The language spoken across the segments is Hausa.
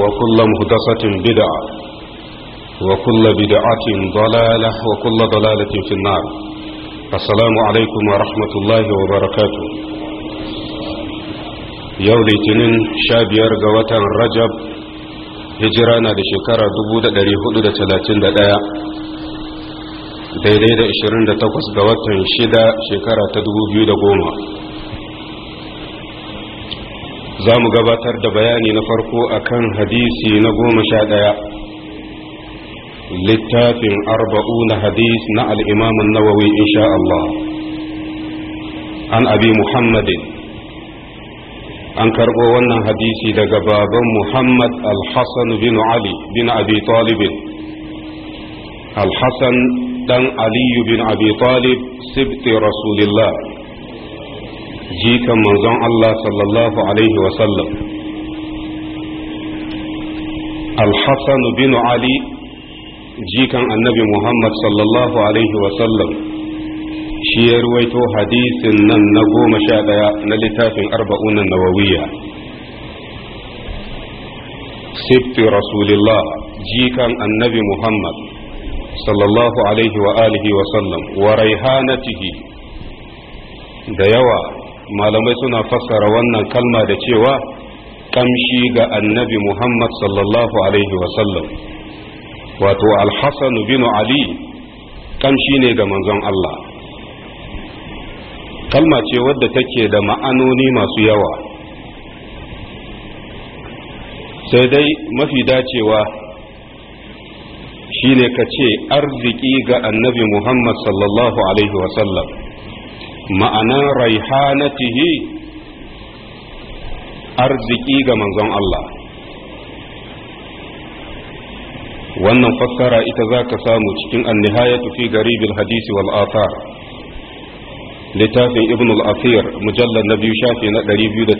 وكل مهدسة بدعة وكل بدعة ضلالة وكل ضلالة في النار السلام عليكم ورحمة الله وبركاته يوم الاثنين شابير قوة رجب هجرانا لشكرة دبودة لريهود تلاتين دقايا daidai da 28 ga watan 6 shekara ta 2010 za mu gabatar da bayani na farko akan hadisi na goma sha ɗaya littafin arba'u na hadis na al'imamun nawawi insha Allah an abi muhammadin an karɓo wannan hadisi daga baban muhammad al-hassan bin ali bin abi talibin al-hassan ɗan aliyu bin abi talib sibti rasulillah jikan manzon Allah sallallahu alaihi wasallam al-hassan bin ali jikan annabi muhammad sallallahu alaihi wasallam shi ya ruwaito hadisin nan na goma sha ɗaya na littafin arba'unan nawawiya sifti rasulillah jikan annabi muhammad sallallahu alaihi wa alihi wasallam wa raihanatihi da yawa malamai suna fassara wannan kalma da cewa kamshi ga annabi muhammad sallallahu alaihi wasallam wato alhassan bin ali kamshi ne ga manzon allah kalma ce wadda take da ma'anoni masu yawa sai dai mafi dacewa shine ka ce arziki ga annabi muhammad sallallahu alaihi wasallam ma'anan raihanatihi arziki ga manzon Allah wannan fassara ita za ka samu cikin annihayatu fi garibil hadisi wal athar littafin ibn al-asir mujallar na biyu shafi na 288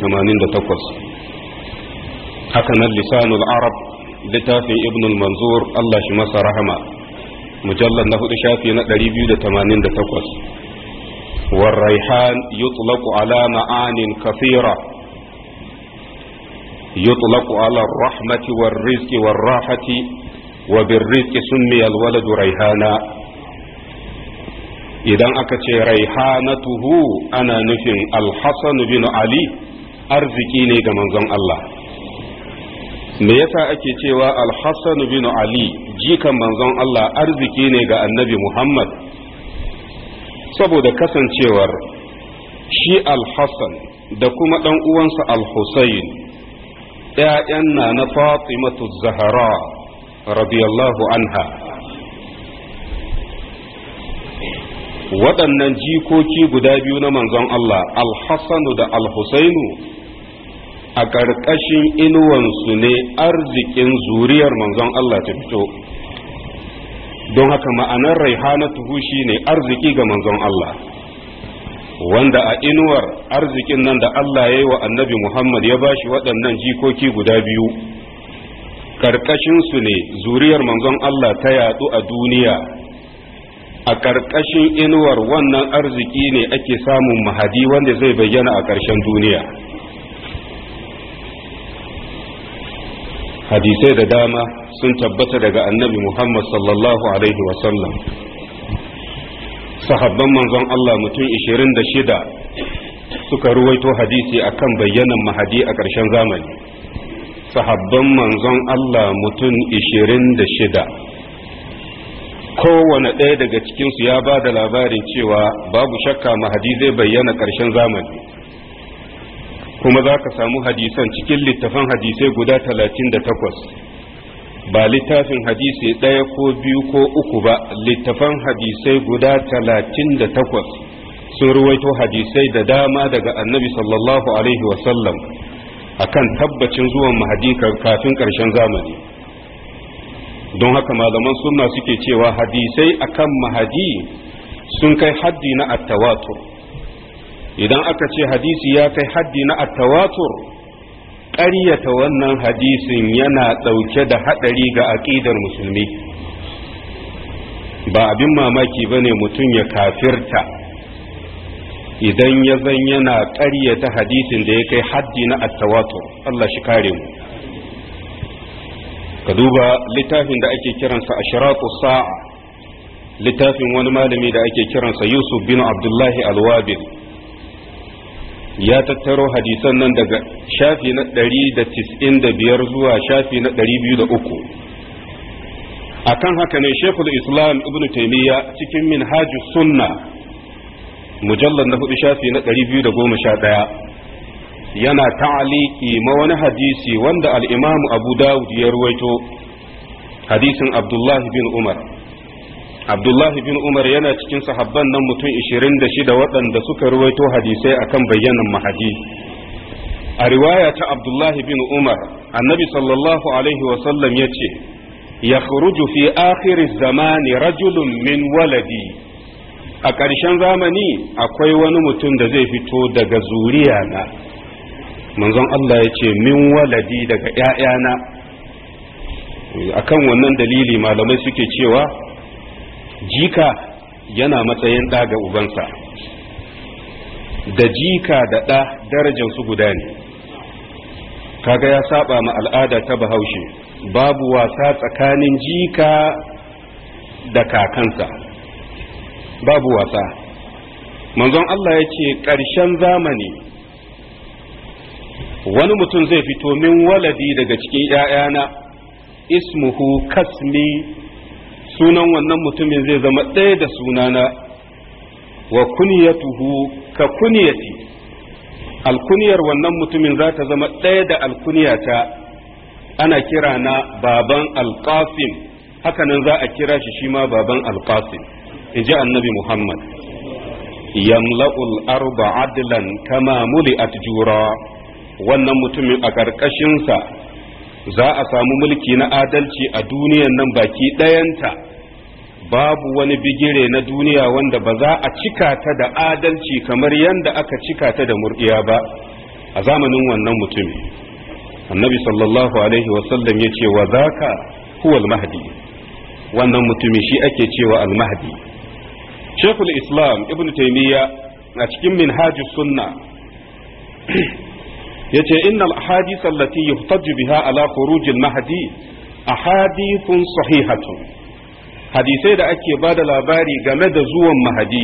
haka nan lisanul arab littafin ibn al-manzur Allah shi masa rahama mujallar na hudu shafi na 288 والريحان يطلق على معان كثيرة يطلق على الرحمة والرزق والراحة وبالرزق سمي الولد ريحانا إذا أكت ريحانته أنا نفن الحسن بن علي أرزقيني كمن الله me yasa ake cewa alhassan bin ali jikan manzon Allah arziki ne ga annabi Muhammad saboda kasancewar shi al-hassan da kuma ɗan uwansa al-husayn ‘ya'yan na na fatimatu zahara radiyallahu anha waɗannan jikoki guda biyu na manzon Allah al-hassanu da al-husainu a ƙarƙashin inuwansu ne arzikin zuriyar manzon Allah ta fito don haka ma'anar raihanatuhu ne arziki ga manzon Allah wanda a inuwar arzikin nan da Allah ya yi wa annabi Muhammad ya bashi waɗannan jikoki guda biyu ƙarƙashinsu ne zuriyar manzon Allah ta yatsu a duniya a ƙarƙashin inuwar wannan arziki ne ake samun mahadi wanda zai bayyana a ƙarshen duniya hadisai da dama sun tabbata daga annabi muhammad sallallahu alaihi wasallam sahabban manzon allah mutum 26 suka ruwaito hadisi akan bayyanan mahadi a ƙarshen zamani sahabban manzon allah mutum 26 kowane ɗaya daga cikinsu ya ba da labarin cewa babu shakka mahadi zai bayyana ƙarshen zamani kuma za ka samu hadisan cikin littafan hadisai guda talatin da takwas ba littafin hadisai ɗaya ko biyu ko uku ba littafan hadisai guda talatin da takwas sun ruwaito hadisai da dama daga annabi sallallahu alaihi wasallam akan tabbacin zuwan mahadi kafin ƙarshen zamani don haka malaman sunna suke cewa hadisai akan mahadi sun kai haddi na attawatu. idan aka ce hadisi ya kai haddi na attawatur ƙaryata wannan hadisin yana ɗauke da haɗari ga aƙidar musulmi ba abin mamaki ba ne mutum ya kafirta idan ya zan yana ƙaryata hadisin da ya kai haddi na attawatur Allah shi kare mu ka duba littafin da ake kiransa a shiratu sa'a littafin wani malami da ake kiransa yusuf bin abdullahi alwabil ya tattaro hadisan nan daga shafi na biyar zuwa shafi na 203 akan haka ne shekul islam ibn taimiyya cikin minhaju sunna mujallar na hudu shafi na ɗaya yana ta'aliki ma wani hadisi wanda al'imamu abu dawud ya ruwaito hadisin abdullahi bin umar abdullahi bin umar yana cikin sahabban nan mutum 26 waɗanda suka ruwaito hadisai akan bayyanan mahadi a riwaya ta abdullahi bin umar annabi sallallahu alaihi wasallam ya ce ya fi akhiri zamani rajulun min waladi a ƙarshen zamani akwai wani mutum da zai fito daga zuriya na manzon Allah ya ce min waladi daga ‘ya'yana akan wannan dalili malamai suke cewa jika yana matsayin ɗa ga ubansa da jika da ɗa darajar su guda ne kaga ya saba ma al'ada ta bahaushe babu wasa tsakanin jika da kakansa babu wasa manzon Allah ya ce ƙarshen zamani wani mutum zai fito min waladi daga cikin ‘ya'yana ismuhu kasmi sunan wannan mutumin zai zama ɗaya da sunana wa kuniyatuhu ka kuniyati alkuniyar wannan mutumin za ta zama ɗaya da alkuniyata ana kira na baban alƙasim hakanan za a kira shi shi ma baban alƙasim in ji annabi muhammad yamla'ul arba adlan kama muli'at jura wannan mutumin a ƙarƙashinsa za a samu mulki na adalci a duniyan nan baki ɗayanta babu wani bigire na duniya wanda ba za a cika ta da adalci kamar yadda aka cika ta da murdiya ba a zamanin wannan mutumi annabi sallallahu alaihi wasallam ya ce wa ka huwal mahdi wannan mutumi shi ake cewa al-mahdi shekul islam ibn Taimiyya a cikin minhajus sunna yace innal ahadith allati yuhtaju biha ala khuruj al-mahdi ahadithun sahihatun hadisai da ake bada labari game da zuwan mahdi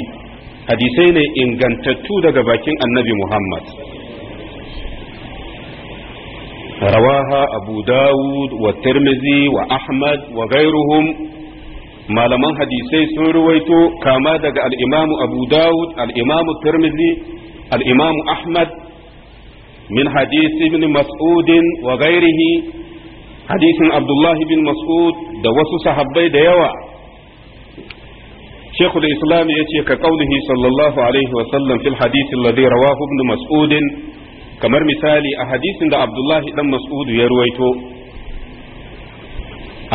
hadisai ne ingantattu daga bakin annabi muhammad rawaha abu dawud wa tirmizi wa ahmad wa gairuhum malaman hadisai sun ruwaito kama daga al'imamu abu dawud al'imamu tirmizi al'imamu ahmad min hadisi ibn mas'udin wa gairihi hadisin abdullahi bin mas'ud da wasu sahabbai da yawa شيخ الإسلام يأتي كقوله صلى الله عليه وسلم في الحديث الذي رواه ابن مسعود kamar misali a hadisin da abdullahi dan mas'udu ya ruwaito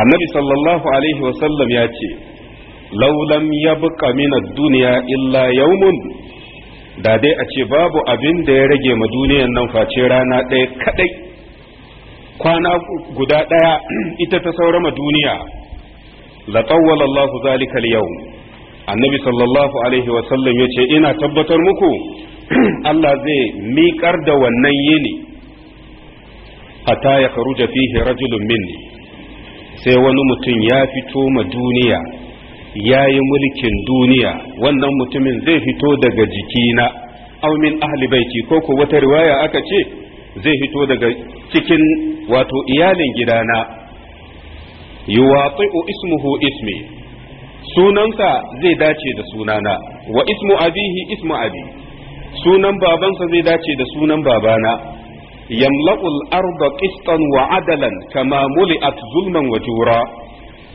annabi sallallahu alaihi wasallam ya ce laulam ya buƙa mina duniya illa yaumun da dai a ce babu abin da ya rage ma duniyan nan face rana ɗaya kaɗai kwana guda ɗaya ita ta saura ma duniya la tawwala Allah zalika al annabi sallallahu alaihi wa sallam yace ina tabbatar muku Allah zai miƙar da wannan yini hatta ya kharuja fihi rajulun minni sai wani mutum ya fito ma duniya ya yi mulkin duniya wannan mutumin zai fito daga jikina aumin ahli baiti ko ko wata riwaya aka ce zai fito daga cikin wato iyalin gidana yuwaqi'u ismuhu ismi sunansa zai dace da sunana wa ismu abihi ismu abi sunan babansa zai dace da sunan babana yamla'ul arda qistan wa adalan kama muli'at zulman wa jura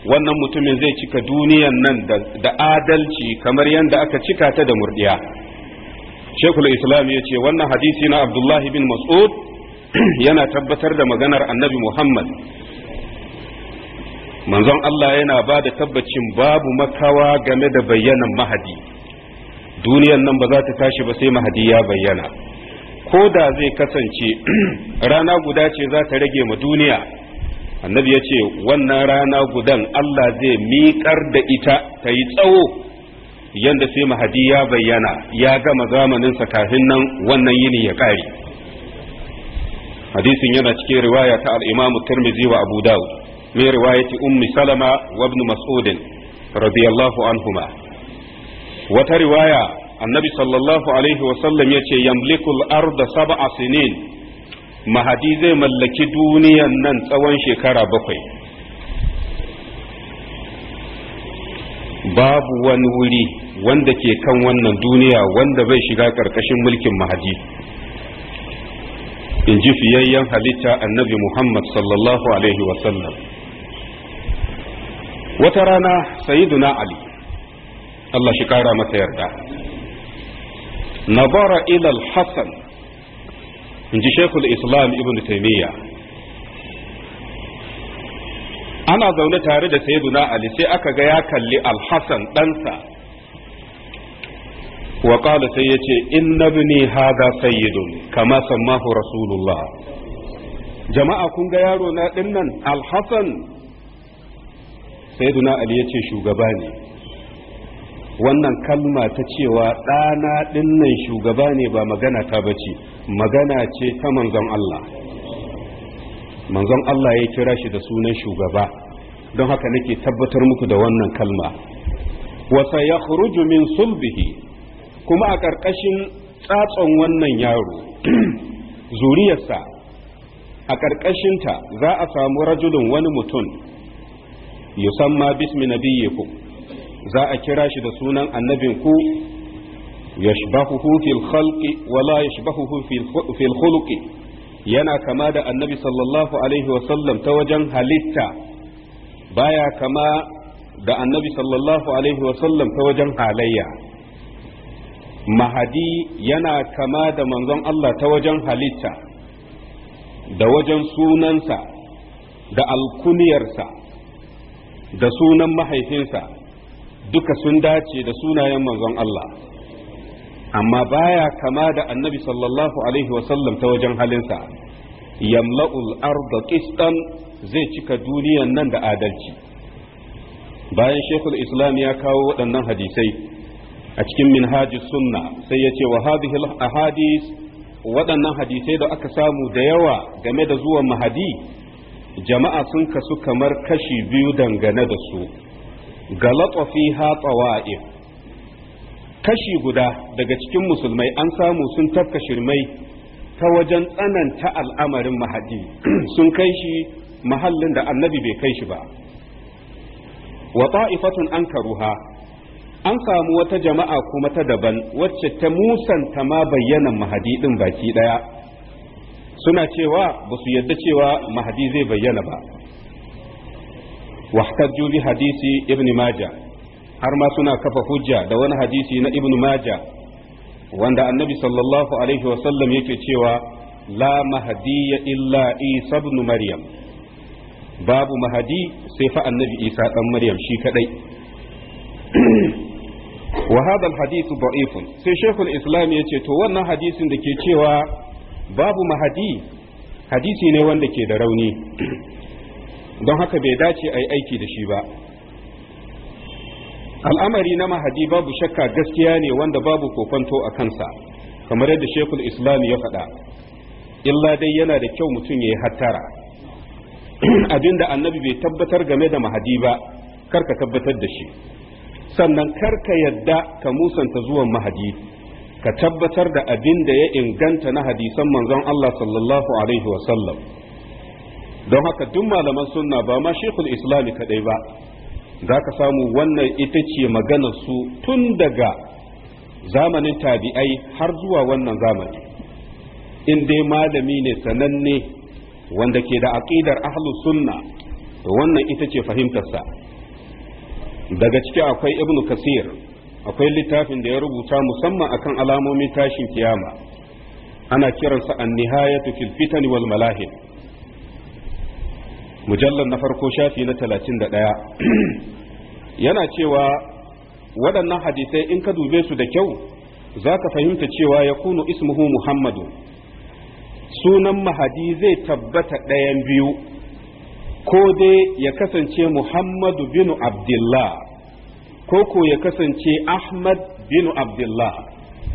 wannan mutumin zai cika duniyan nan da adalci kamar yadda aka cika ta da murdiya shekul islam ya ce wannan hadisi na abdullahi bin mas'ud yana tabbatar da maganar annabi muhammad manzon allah yana ba da tabbacin babu makawa game da bayyanan mahadi duniyan nan ba za ta tashi ba sai mahadi ya bayyana ko da zai kasance rana guda ce za ta rage ma duniya annabi ya ce wannan rana gudan Allah zai miƙar da ita ta yi tsawo yadda sai mahadi ya bayyana ya gama zamaninsa kafin nan wannan yini ya ƙare hadisin yana cikin riwaya ta al'imamu turmizi wa abu dawud mai riwayati ummi salama wa ibn mas'udin radiyallahu anhuma wata riwaya annabi sallallahu alaihi sallam ya ce yamlikul arda sab'a sinin mahadi zai mallaki duniyan nan tsawon shekara bakwai babu wani wuri wanda ke kan wannan duniya wanda bai shiga ƙarƙashin mulkin mahadi in ji fiyayyen halitta annabi muhammad sallallahu alaihi wasallam wata rana sayiduna ali allah shi kara masa yarda nabara ilal hassan in ji shekul islam ibn taimiyya ana zaune tare da sayyiduna ali sai aka ga ya kalli alhassan ɗansa wa qala sai ya ce inna ibni hadha sayyidun kama sammahu rasulullah jama'a kun ga yaro na dinnan alhassan sayyiduna ali ya ce shugaba ne wannan kalma ta cewa ɗana ɗinnan shugaba ne ba magana ta bace magana ce ta manzon Allah manzon Allah ya kira shi da sunan shugaba don haka nake tabbatar muku da wannan kalma wasa ya min sulbihi kuma a ƙarƙashin tsatson wannan yaro zuriyarsa a ƙarƙashinta za a samu rajulun wani mutum yusamma bismi nabiyyikum za a kira shi da sunan annabin ku yashbahuhu fil khalqi wala ya yashbahuhu fil khuluqi yana kama da annabi sallallahu alaihi wasallam ta wajen halitta baya kama da annabi sallallahu alaihi wasallam ta wajen halayya mahadi yana kama da manzon Allah ta wajen halitta da wajen sunansa da alkuniyarsa da sunan mahaifinsa duka sun dace da sunayen manzon Allah amma baya kama da annabi sallallahu alaihi wasallam ta wajen halinsa yamla'ul arda qistan zai cika duniyan nan da adalci bayan shekul islam ya kawo waɗannan hadisai a cikin minhajus sunna sai ya ce wa hadhihi waɗannan hadisai da aka samu da yawa game da zuwan mahadi jama'a sun kasu kamar kashi biyu dangane da su galata fiha tawa'if kashi guda daga cikin musulmai an samu sun tafka shirmai ta wajen tsananta al'amarin mahadi sun kai shi mahallin da annabi bai kai shi ba wa ta'ifatun an karuha an samu wata jama'a kuma ta daban wacce ta musanta ma bayyanan mahadi din baki daya suna cewa ba su yadda cewa mahadi zai bayyana ba واحتجوا بحديث ابن ماجه har ma suna kafa hujja da wani hadisi na ibnu maja wanda annabi sallallahu alaihi wasallam yake cewa la mahadiya illa isa ibn maryam babu mahadi sai fa annabi isa dan maryam shi kadai wa hadha alhadith da'if sai shaykhul islam yace to wannan hadisin da ke cewa babu mahadi hadisi ne wanda ke da rauni don haka bai dace a yi aiki da shi ba al'amari na mahadi babu shakka gaskiya ne wanda babu kofanto a kansa kamar yadda shekul islam ya faɗa illa dai yana da kyau mutum ya yi hattara abinda annabi bai tabbatar game da mahadi ba karka tabbatar da shi sannan karka yadda ka musanta zuwan mahadi ka tabbatar da abin da ya inganta na hadisan manzon Allah sallallahu alaihi don haka duk malaman sunna ba ma shekul islami kadai ba za ka samu wannan ita ce maganar su tun daga zamanin tabi'ai har zuwa wannan zamani in dai malami ne sananne wanda ke da aƙidar ahlus sunna wannan ita ce fahimtarsa daga ciki akwai ibn kasir akwai littafin da ya rubuta musamman akan alamomin tashin kiyama ana kiransa an nihayatu fil fitani wal malahim mujallar na farko shafi na talatin da ɗaya yana cewa waɗannan hadisai in ka dube su da kyau za ka fahimta cewa ya kunu ismuhu muhammadu sunan mahadi zai tabbata ɗayan biyu ko dai ya kasance muhammadu bin abdullah ko ko ya kasance ahmad bin abdullah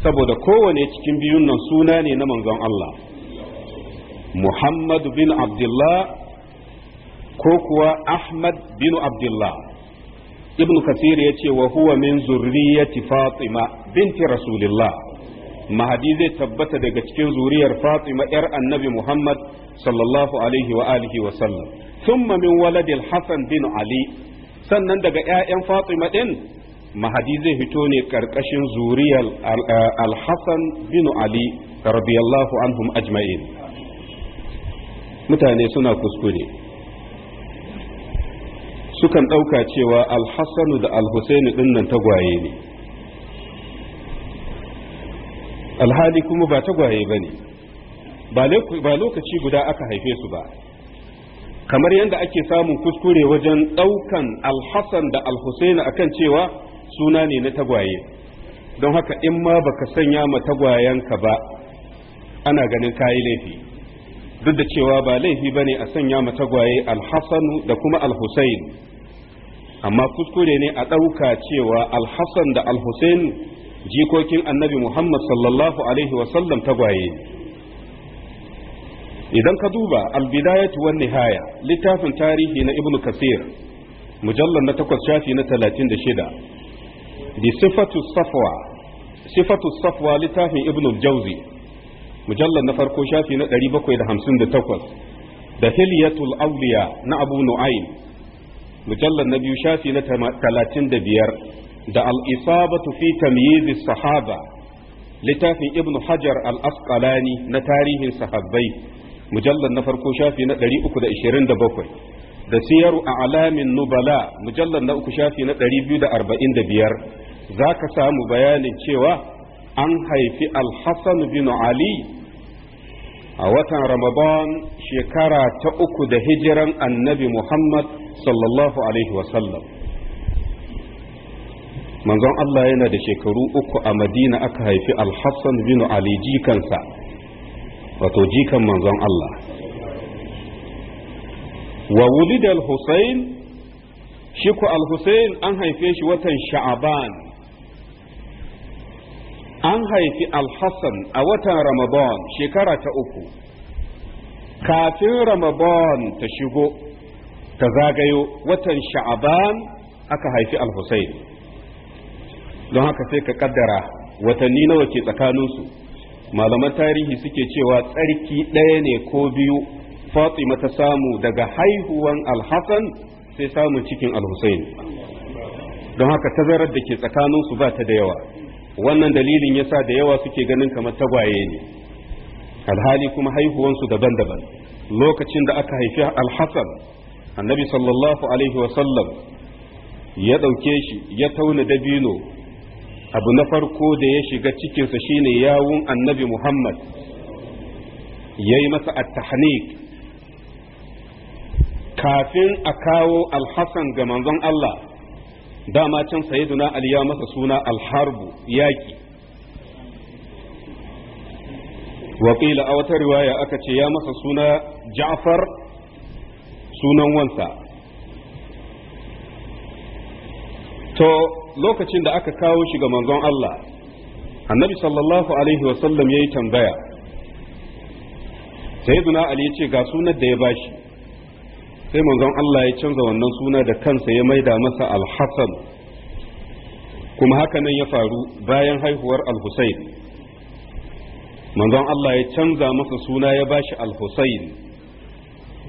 saboda kowane cikin biyun nan suna ne na manzon allah muhammadu bin abdullah ko kuwa Ahmad bin Abdullah ibn Kathir ya ce wa huwa min zurriyati Fatima binti Rasulillah mahadi zai tabbata daga cikin zuriyar Fatima yar Annabi Muhammad sallallahu alaihi wa alihi wa sallam thumma min waladil Hassan bin Ali sannan daga ƴaƴan Fatima din mahadi zai fito ne karkashin zuriyar Al-Hassan bin Ali radiyallahu anhum ajma'in mutane suna kuskure sukan ɗauka cewa alhassanu da alhussaini ɗin nan tagwaye ne alhali kuma ba tagwaye ba ne ba lokaci guda aka haife su ba kamar yadda ake samun kuskure wajen ɗaukan alhassan da alhussaini akan cewa suna ne na tagwaye don haka in ma baka sanya ma tagwayenka ba ana ganin kayi laifi duk da cewa ba laifi bane a sanya ma tagwaye alhassanu da kuma alhussain amma kuskure ne a ɗauka cewa alhassan da alhussein jikokin annabi muhammad sallallahu alaihi wasallam tagwaye idan ka duba albidayatu wan nihaya littafin tarihi na ibnu kasir mujallar na takwas shafi na talatin da shida bi sifatu safwa littafin ibnu jauzi mujallar na farko shafi na 758 da hilyatul awliya na abu nu'aym mujallar na biyu shafi na talatin da biyar da al'isabatu fi tamyizi sahaba littafin ibnu hajar al-asqalani na tarihin sahabbai mujallar na farko shafi na 327 da siyaru a alamin nubala mujallar na uku shafi na 245 za ka samu bayanin cewa an haifi alhassan bin ali a watan ramadan shekara ta uku da hijiran annabi muhammad sallallahu alaihi wasallam manzon Allah yana da shekaru uku a madina aka haifi alhassan bin ali jikansa wato jikan manzon Allah wa wulida al-husayn shi ku al-husayn an haife shi watan sha'aban an haifi alhassan a watan ramadan shekara ta uku kafin ramadan ta shigo ta zagayo watan sha'aban aka haifi alhussein don haka sai ka kaddara watanni nawa ke tsakaninsu malaman tarihi suke cewa tsarki ɗaya ne ko biyu fatima ta samu daga haihuwan alhassan sai samun cikin alhussein don haka tazarar da ke tsakaninsu ba ta da yawa wannan dalilin yasa da yawa suke ganin kamar tagwaye ne alhali kuma haihuwansu daban-daban lokacin da aka haifi alhassan annabi sallallahu alaihi wasallam ya ɗauke shi ya tauna dabino abu na farko da ya shiga cikinsa shine yawun annabi muhammad ya yi masa attahnik kafin a kawo Alhasan ga manzon allah dama can sayyiduna ali ya masa suna alharbu yaki wakila a wata riwaya aka ce ya masa suna ja'far sunan wansa to lokacin da aka kawo shi ga manzon Allah annabi sallallahu alaihi wasallam ya yi tambaya sayyiduna ali ya ce ga sunan da ya bashi sai manzon Allah ya canza wannan suna da kansa ya maida masa al-Hasan kuma haka nan ya faru bayan haihuwar al-Husayn manzon Allah ya canza masa suna ya bashi al-Husayn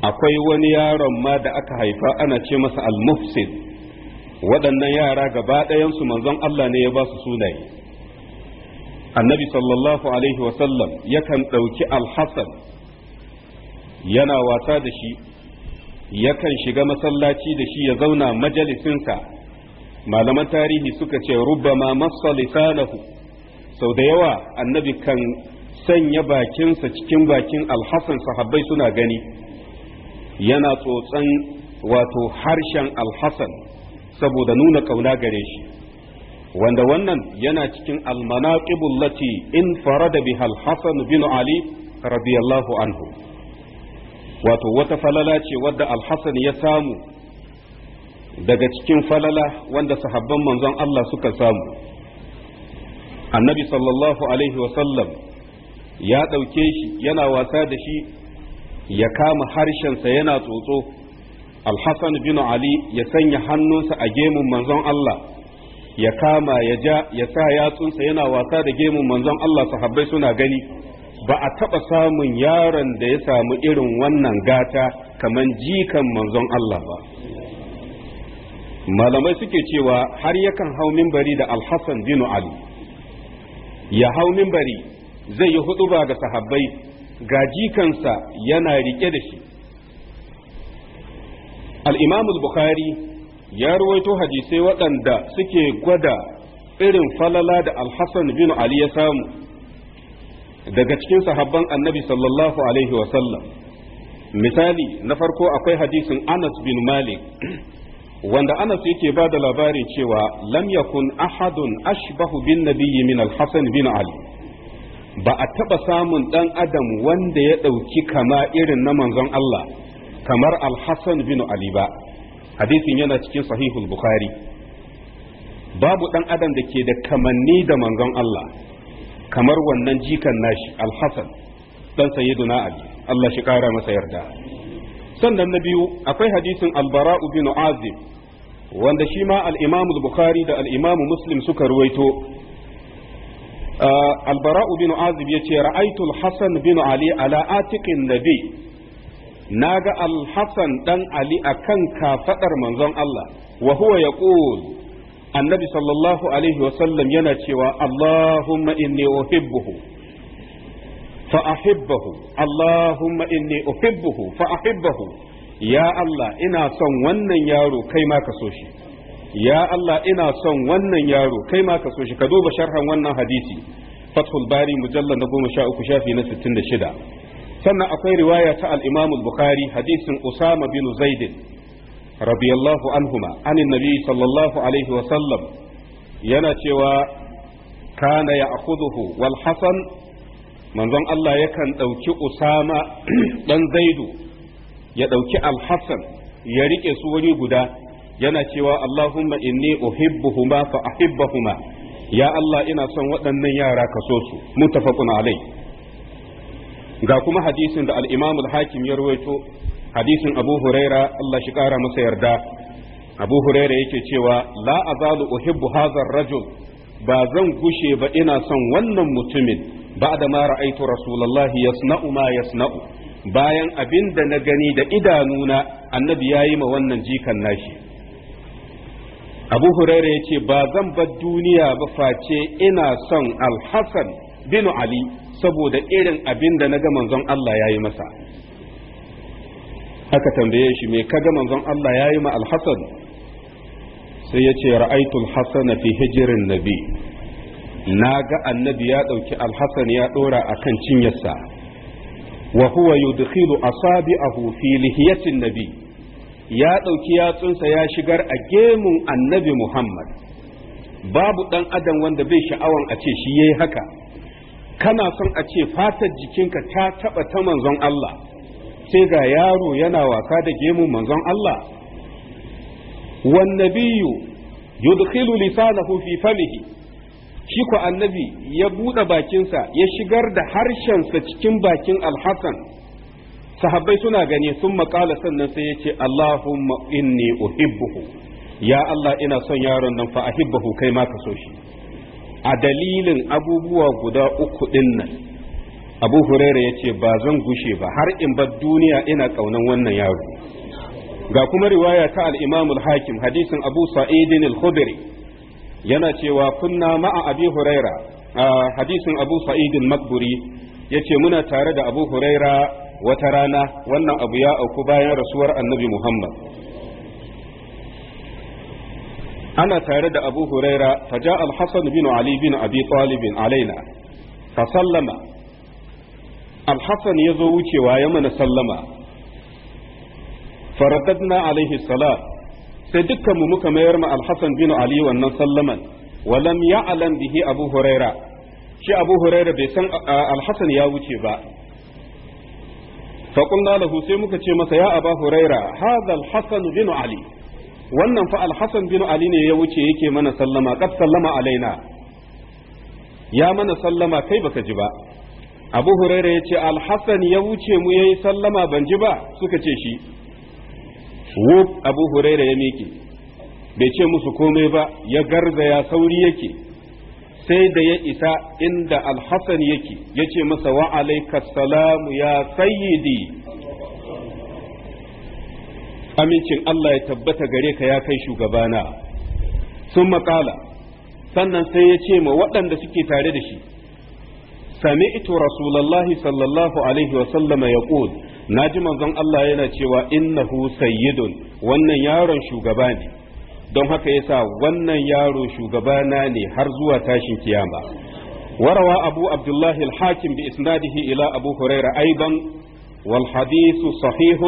akwai wani yaron ma da aka haifa ana ce masa al-Mufsid waɗannan yara gaba ɗayansu manzon Allah ne ya ba su sunaye annabi sallallahu alaihi wasallam yakan ɗauki al-Hasan yana wasa da shi yakan shiga masallaci da shi ya zauna majalisinsa malaman tarihi suka ce rubbama massa lisanahu sau da yawa annabi kan sanya bakinsa cikin bakin alhassan sahabbai suna gani yana tsotsan wato harshen alhassan saboda nuna kauna gare shi wanda wannan yana cikin almanaqibul lati in farada biha alhassan bin ali radiyallahu anhu wato wata falala ce wadda alhassan ya samu daga cikin falala wanda sahabban manzon Allah suka samu annabi sallallahu alaihi wasallam ya ɗauke shi yana wasa da shi ya kama harshensa yana tsotso alhassan bin ali ya sanya hannunsa a gemun manzon Allah ya kama ya ja ya sa yatsunsa yana wasa da gemun manzon Allah sahabbai suna gani ba a taɓa samun yaron da ya samu irin wannan gata kamar jikan manzon Allah ba malamai suke cewa har yakan hau mimbari da alhassan bin ali ya hau mimbari zai yi huɗuba ga sahabbai ga jikansa yana rike da shi al'imamu bukhari ya ruwaito hadisai waɗanda suke gwada irin falala da alhassan bin ali ya samu daga cikin sahabban annabi sallallahu alaihi wasallam misali na farko akwai hadisin anas bin malik wanda anas yake ba da labari cewa lam yakun ahadun ashbahu bin nabiyyi min al-hasan bin ali ba a taɓa samun ɗan adam wanda ya ɗauki kama irin na manzon Allah kamar al-hasan bin ali ba hadisin yana cikin sahihul bukhari babu dan adam da ke da kamanni da manzon Allah kamar wannan jikan nashi alhassan dan sayyiduna ali Allah shi kara masa yarda sannan na biyu akwai hadisin albara bin azib wanda shi ma al-imam bukhari da al-imam muslim suka ruwaito albara bin azib yace ra'aytu al-hasan bin ali ala atiqin nabi naga al-hasan dan ali akan kafadar manzon Allah wa huwa yaqul annabi sallallahu alaihi wasallam yana cewa Allahumma inni uhibbuhu fa ahibbahu Allahumma inni uhibbuhu fa ahibbahu ya Allah ina son wannan yaro kai ma ka so shi ya Allah ina son wannan yaro kai ma ka so shi ka duba sharhan wannan hadisi fathul bari mujallal na goma sha uku shafi na sittin da shida sannan akwai riwaya ta al-imam al-bukhari hadisin usama bin zaidin رضي الله عنهما عن النبي صلى الله عليه وسلم yana cewa kana ya akhuduhu wal hasan manzon Allah yakan ɗauki usama ɗan zaidu ya ɗauki alHassan ya riƙe su wuri guda yana cewa Allahuma inni uhibbuhuma fa ahibbahuma ya Allah ina son waɗannan yara ka so su mutafaqun alai ga kuma hadisin da al-Imam hakim ya rawaito hadisin abu huraira Allah shi kara masa yarda abu huraira yake cewa la azalu uhibbu hazar rajul ba zan gushe ba ina son wannan mutumin ba da ma ra'aitu rasulullahi yasna'u ma yasna'u bayan abin da na gani da idanuna annabi yayi ma wannan jikan nashi abu huraira yace ba zan bar duniya ba face ina son alhassan bin ali saboda irin abinda na ga manzon Allah yayi masa aka tambaye shi me kaga manzon Allah yayi ma al-Hasan sai ya ce ra'aitul hasana fi hijirin nabi na ga annabi ya ɗauki al-Hasan ya ɗora a kan cinyarsa wa huwa yudkhilu asabi'ahu fi lihiyatin nabi ya ɗauki yatsunsa ya shigar a gemun annabi muhammad babu ɗan adam wanda bai sha'awan a ce shi yayi haka kana son a ce fatar jikinka ta taɓa ta manzon allah sai ga yaro yana waka da gemu manzon Allah wan nabiyyu yudkhilu lisanahu fi famihi shi ko annabi ya bude bakinsa ya shigar da harshensa cikin bakin alhassan sahabbai suna gani sun makala sannan sai yace ce Allahumma inni uhibbuhu ya Allah ina son yaron nan fa ahibbahu kai ma ka so shi a dalilin abubuwa guda uku din abu huraira ya ce ba zan gushe ba har in bar duniya ina ƙaunan wannan yaro ga kuma riwaya ta al-imam al-hakim hadisin abu sa'idin al-khudri yana cewa kunna ma'a abi huraira hadisin abu sa'idin makburi yace muna tare da abu huraira wata rana wannan abu ya auku bayan rasuwar annabi muhammad ana tare da abu huraira faja al-hasan bin ali bin abi talib alaina fa sallama Alhasan ya zo wucewa ya mana sallama faradadna alaihi salam sai dukkanmu muka mayar ma alhassan bin ali wannan sallaman walam ya'lam bihi abu huraira shi abu huraira bai san alhassan ya wuce ba faƙunna lahu sai muka ce masa ya aba huraira hadha alhassan ali wannan fa alhassan bin ali ne ya wuce yake mana sallama qad sallama alaina ya mana sallama kai baka ji ba abu huraira ya ce alhassan ya wuce mu yayi sallama ban ji ba suka ce shi wuf abu huraira ya miƙe bai ce musu komai ba ya garza ya sauri yake sai da ya isa inda alhassan yake ya ce masa wa salamu ya sayyidi amincin Allah ya tabbata gare ka ya kai shugabana sun maƙala sannan sai ya ce ma waɗanda suke tare da shi sami'tu rasulullahi sallallahu alaihi wa sallama yaqul naji manzon Allah yana cewa innahu sayyidun wannan yaron shugaba ne don haka yasa wannan yaro shugabana ne har zuwa tashin kiyama وروى أبو عبد الله الحاكم ila Abu أبو هريرة أيضا والحديث صحيح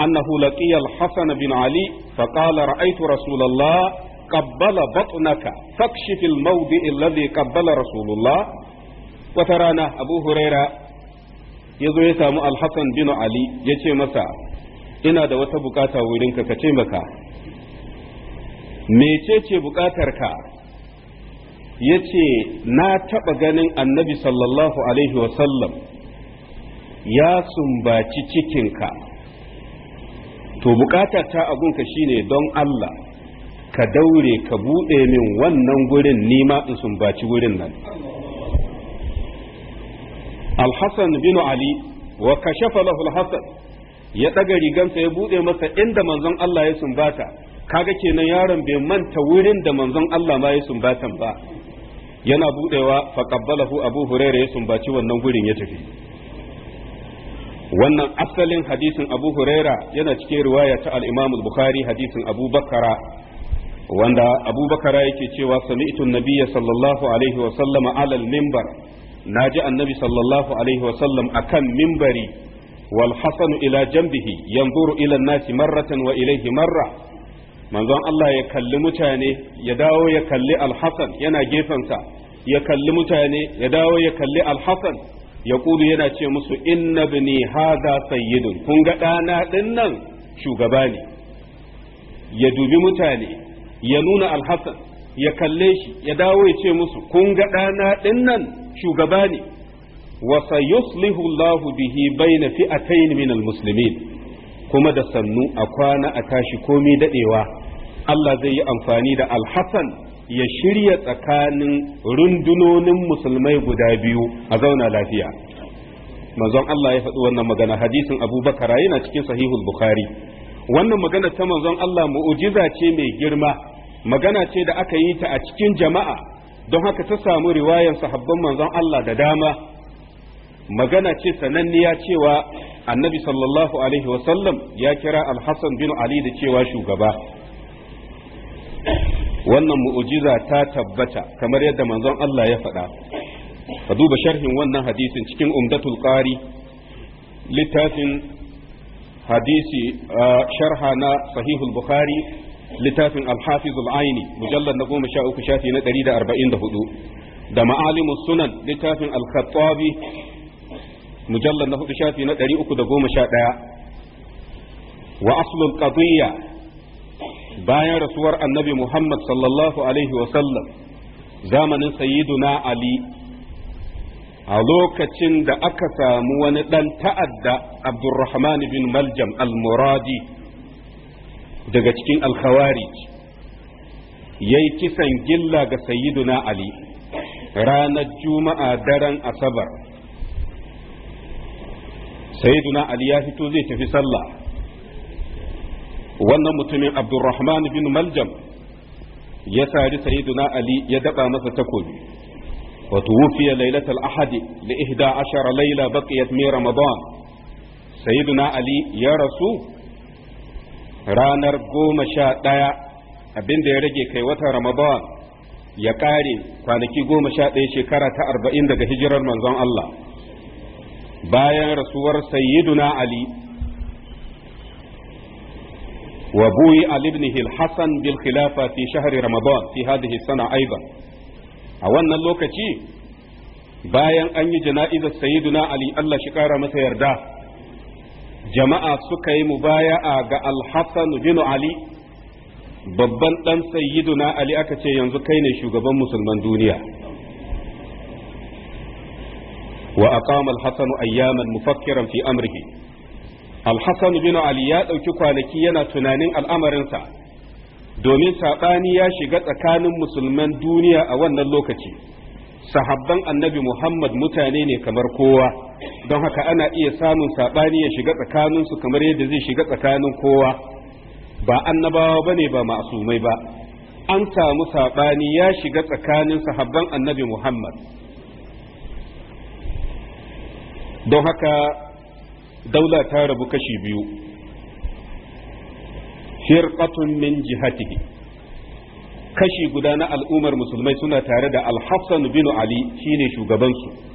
أنه لقي الحسن بن علي فقال رأيت رسول الله قبل بطنك فاكشف الموضع الذي قبل رسول الله wata rana abu huraira ya zo ya samu alhassan bin ali ya ce masa ina da wata bukata wurinka ka ce maka mecece bukatarka ya ce na taɓa ganin annabi sallallahu alaihi wasallam ya sumbaci cikinka to bukata ta abunka shine don Allah ka daure ka buɗe min wannan gurin nima in sumbaci wurin nan alhassan bin ali wa kashafa lahu ya ɗaga rigansa ya buɗe masa inda manzon Allah ya sumbata kaga kenan yaron bai manta wurin da manzon Allah ma ya sumbatan ba yana budewa faqabbalahu abu hurairah ya sumbaci wannan gurin ya tafi wannan asalin hadisin abu huraira yana cikin riwaya ta al-imam bukhari hadisin abu bakara wanda abu bakara yake cewa sami'tu nabiyya sallallahu alaihi wa sallama alal mimbar na ji annabi sallallahu alaihi wasallam a kan mimbari wal hasanu ila jambihi yanzuru ila nasi marratan wa ilaihi marra manzon Allah ya kalli mutane ya dawo ya kalli alhassan yana gefensa ya kalli mutane ya dawo ya kalli alhassan ya kudu yana ce musu inna bini haza sayyidun kun ga ɗana ɗin shugaba ne ya dubi mutane ya nuna alhassan ya kalle shi ya dawo ya ce musu kun ga ɗana ɗin nan shugaba ne wa sayuslihu Allahu bihi baina fi'atayn min almuslimin kuma da sannu a kwana a tashi komai dadewa Allah zai yi amfani da alhassan ya shirya tsakanin rundunonin musulmai guda biyu a zauna lafiya manzon Allah ya faɗi wannan magana hadisin abubakar yana cikin sahihul bukhari wannan magana ta manzon Allah mu'ujiza ce mai girma magana ce da aka yi ta a cikin jama'a don haka ta samu riwayan sahabban manzon Allah da dama magana ce sananniya cewa annabi sallallahu alaihi wasallam ya kira alhassan bin ali da cewa shugaba wannan mu'ujiza ta tabbata kamar yadda manzon Allah ya faɗa ka duba sharhin wannan hadisin cikin umdatul qari littafin hadisi sharha na sahihul bukhari littafin al-hafiz mujallar na goma sha uku shafi na ɗari da arba'in da hudu da ma'alimu sunan littafin al mujallar na hudu shafi na ɗari uku da goma sha ɗaya wa aslul qadiyya bayan rasuwar annabi muhammad sallallahu alaihi wa sallam zamanin sayyiduna ali a lokacin da aka samu wani ɗan ta'adda abdurrahman bin maljam al-muradi daga cikin alkhawarij yayi kisan gilla ga sayyiduna ali ranar juma'a daren asabar sayyiduna ali ya fito zai tafi sallah wannan mutumin abdurrahman bin maljam ya sari sayyiduna ali ya daba masa takobi wato wufiya lailatul ahadi li ihda ashara laila baqiyat min ramadan sayyiduna ali ya rasu ranar goma sha ɗaya abin da ya rage kai watan ramadan ya ƙare kwanaki goma sha ɗaya shekara ta arba'in daga hijirar manzon Allah bayan rasuwar sayyiduna Ali wa buyi Ali ibn Hassan bil khilafa fi shahri Ramadan fi hadhihi sana Aiba. a wannan lokaci bayan an yi jana'izar sayyiduna Ali Allah shi kara masa yarda jama'a suka yi mubaya'a ga Alhassan Bino bin Ali babban Sayyidu sayyiduna Ali aka ce yanzu kai ne shugaban musulman duniya wa aqama hassan ayyaman mufakkiran fi amrihi al bin Ali ya ɗauki kwanaki yana tunanin al'amarinsa domin saɓani ya shiga tsakanin musulman duniya a wannan lokaci sahabban annabi Muhammad mutane ne kamar kowa don haka ana iya samun saɓani ya shiga tsakaninsu kamar yadda zai shiga tsakanin kowa ba annabawa ba ne ba masumai ba an samu saɓani ya shiga tsakanin sahabban annabi muhammad don haka daula ta rabu kashi biyu firqatun min jihatihi kashi guda na al'ummar musulmai suna tare da al-hassan bin ali shine shugabansu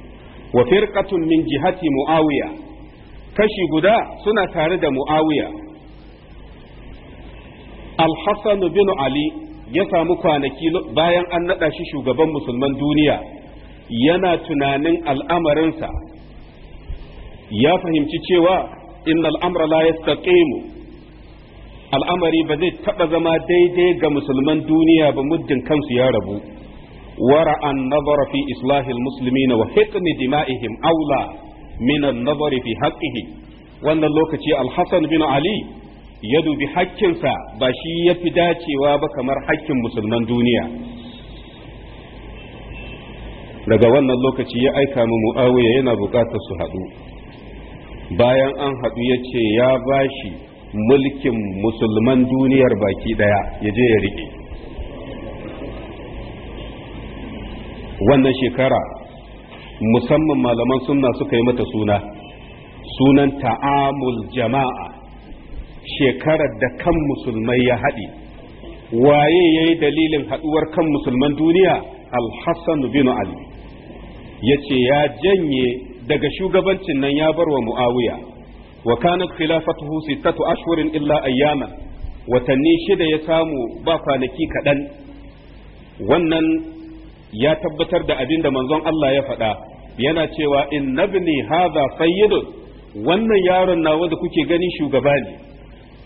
wa firqatun min jihati muawiya kashi guda suna tare da muawiya al-hasan bin ali ya samu kwanaki bayan an nada shi shugaban musulman duniya yana tunanin al'amarinsa ya fahimci cewa innal amra la yastaqimu al'amari ba zai taɓa zama daidai ga musulman duniya ba muddin kansu ya rabu ورأى النظر في إصلاح المسلمين وحقن دمائهم أولى من النظر في حقه وأن اللوكة الحسن بن علي يدو بحقنسا باشي يفداتي وابك مرحق مسلمان duniya. daga wannan lokaci ya aika mu mu'awiya yana bukatar su haɗu bayan an haɗu ya ce ya bashi mulkin musulman duniyar baki ɗaya ya je ya riƙe wannan shekara musamman malaman sunna suka yi mata suna sunan ta'amul jama'a shekarar da kan musulmai ya haɗe waye ya yi dalilin haɗuwar kan musulman duniya alhassan bin ali ya ce ya janye daga shugabancin nan ya bar wa mu'awiya wa kanat khilafatuhu sittatu ashhurin illa ayyama watanni shida ya samu ba kwanaki kaɗan wannan ya tabbatar da abin da manzon Allah ya faɗa yana cewa in nabni hadha sayyidun wannan yaron nawa da kuke gani shugaba ne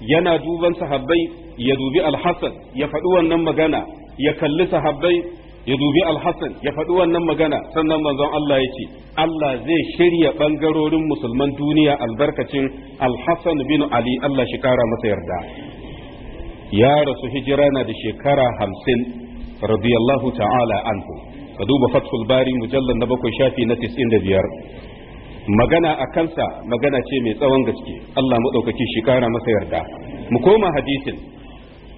yana duban sahabbai ya dubi alhassan ya faɗi wannan magana ya kalli sahabbai ya dubi alhassan ya faɗi wannan magana sannan manzon Allah ya ce Allah zai shirya ɓangarorin musulman duniya albarkacin alhassan bin ali Allah shi kara masa yarda ya rasu hijira na da shekara hamsin radiyallahu ta'ala anhu ka duba fathul bari mujallal na bakwai shafi na biyar. magana a kansa magana ce mai tsawon gaske Allah madaukaki shi kara masa yarda mu koma hadisin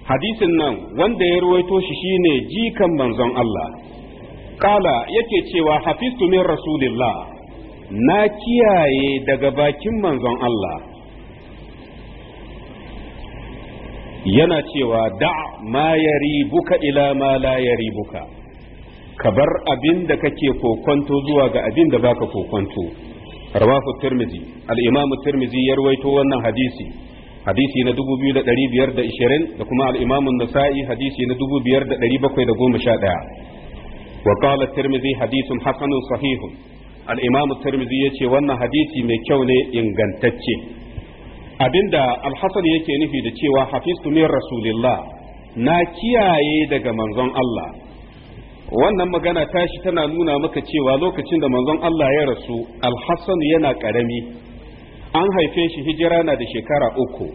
hadisin nan wanda ya ruwaito shi shine jikan manzon Allah kala yake cewa hafistu min rasulillah na kiyaye daga bakin manzon Allah yana cewa da ma ribuka ila ma la yaribuka ka bar abin da kake kokonto zuwa ga abin da baka kokonto rawahu tirmizi al imam tirmizi ya rawaito wannan hadisi hadisi na 2520 da kuma al an nasa'i hadisi na 2711 wa qala tirmizi hadithun hasanun sahihun al imam tirmidhi yace wannan hadisi mai kyau ne ingantacce abinda alhassan yake nufi da cewa hafistu min rasulillah na kiyaye daga manzon Allah wannan magana tashi tana nuna maka cewa lokacin da manzon Allah ya rasu alhassan yana karami an haife shi hijira na da shekara uku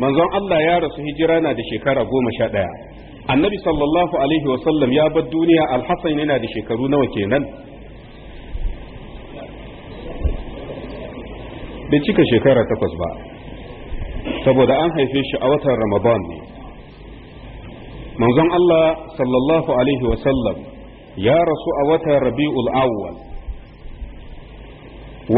manzon Allah ya rasu hijira na da shekara goma sha ɗaya annabi sallallahu alaihi wasallam ya bar duniya alhassan yana da shekaru nawa kenan bai cika shekara takwas ba saboda an haife shi a watan ramadan ne manzon Allah sallallahu alaihi wasallam ya rasu a watan rabi'ul awwal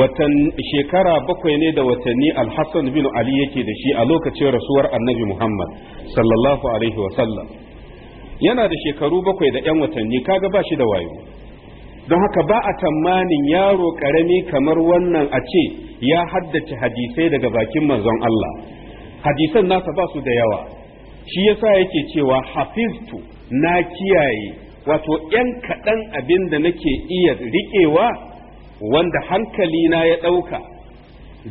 watan shekara bakwai ne da watanni alhassan bin ali yake da shi a lokacin rasuwar annabi muhammad sallallahu alaihi wasallam yana da shekaru bakwai da 'yan watanni kaga ba shi da wayo don haka ba a tamanin yaro karami kamar wannan a ce ya haddace hadisai daga bakin manzon Allah hadisan nasa ba su da yawa shi yasa yake cewa hafiztu na kiyaye wato ‘yan kaɗan abin da nake iya riƙewa wanda hankali na ya ɗauka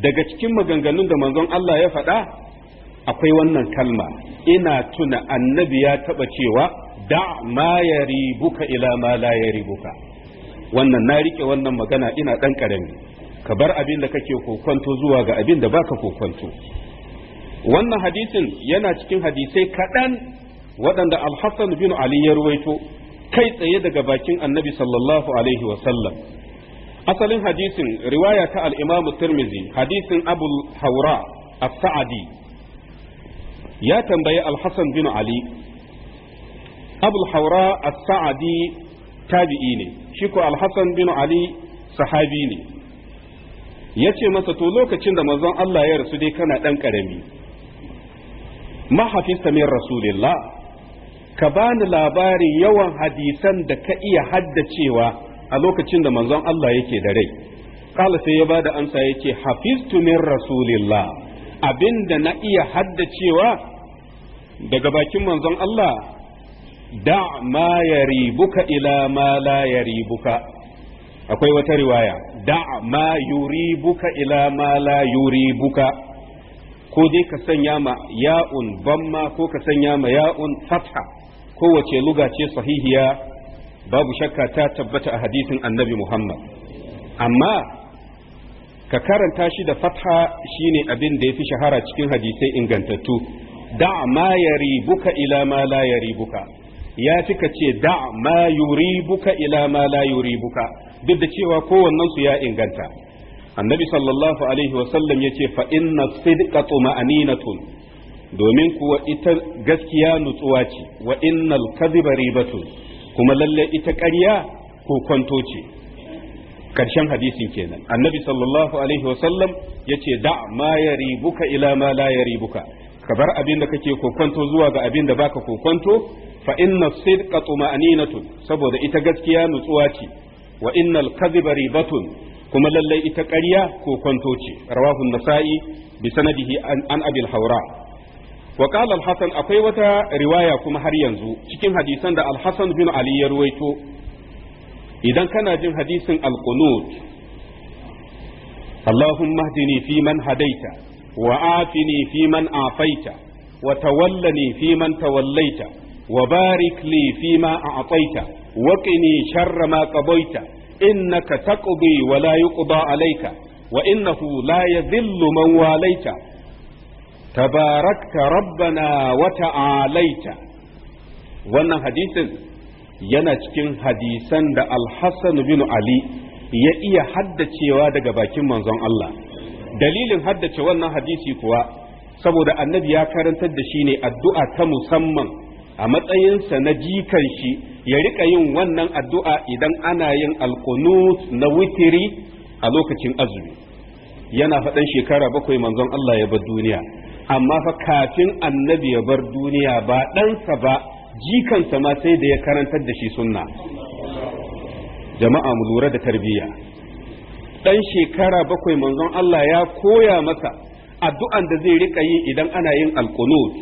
daga cikin maganganun da manzon Allah ya faɗa akwai wannan kalma ina tuna annabi ya taɓa cewa da ma ya ribuka ila ma la ya ribuka wannan na riƙe wannan magana ina ɗan ƙarami ka bar abin da kake kokwanto zuwa ga abin da baka kokwanto wannan hadisin yana cikin hadisai kaɗan waɗanda alhassan bin ali ya ruwaito kai tsaye daga bakin annabi sallallahu alaihi wasallam asalin hadisin riwaya ta al'imamu tirmizi hadisin abul haura as-sa'adi ya tambayi alhassan bin ali abul haura as-sa'adi tabi'i ne shi ko alhassan bin ali sahabi ne ya ce masa to lokacin da manzon Allah ya rasu dai kana ɗan ƙarami ma hafista min rasulillah ka bani labarin yawan hadisan da ka iya haddacewa a lokacin da manzon Allah yake da rai kala sai ya bada amsa yake hafiztu min rasulillah abinda na iya haddacewa daga bakin manzon Allah da ma yaribuka ila ma la yaribuka akwai wata riwaya da ma yuribuka ila ma la yuribuka ko dai ka sanya ma ya'un bamma ko ka sanya ma ya'un fatha kowace luga ce sahihiya babu shakka ta tabbata a hadisin annabi Muhammad amma ka karanta shi da fatha shine abin da yafi shahara cikin hadisai ingantattu da ma buka ila ma la buka ya fi ka ce da ma buka ila ma la buka duk da cewa kowannen su ya inganta annabi sallallahu alaihi wasallam ya ce fa inna sidqa tuma'aninatun domin kuwa ita gaskiya nutsuwa ce wa innal kadhiba ribatun kuma lalle ita ƙarya ko kwanto ce karshen hadisin kenan annabi sallallahu alaihi wasallam ya ce da ma ya yaribuka ila ma la ya yaribuka ka bar abin da kake kokwanto zuwa ga abin da baka kokwanto fa inna sidqa tuma'aninatun saboda ita gaskiya nutsuwa ce wa innal kadhiba ribatun kuma lallai ita ƙarya ko kwanto ce rawahu nasa'i bi sanadihi an abil haura wa qala al-hasan akwai wata riwaya kuma har yanzu cikin hadisan da al-hasan bin ali ya ruwaito idan kana jin hadisin al-qunut اللهم اهدني فيمن هديت وعافني فيمن عافيت وتولني فيمن توليت وبارك لي فيما أعطيت وقني شر ما قضيت innaka taqdi wa la yuqda alayka wa innahu la yadhillu man walayta tabarakta rabbana wata ta'alaita wannan hadisin yana cikin hadisan da Alhassan hassan bin Ali ya iya haddacewa daga bakin manzon Allah dalilin haddace wannan hadisi kuwa saboda annabi ya karantar da shi ne addu'a ta musamman a matsayinsa na jikan shi ya rika yin wannan addu'a idan ana yin alkunu na witiri a lokacin azumi yana faɗan shekara bakwai manzon Allah ya bar duniya amma fa kafin annabi ya bar duniya ba ɗansa ba jikansa ma sai da ya karantar da shi sunna jama'a mu lura da tarbiyya ɗan shekara bakwai manzon Allah ya koya masa addu'an da zai rika yi idan ana yin alkunut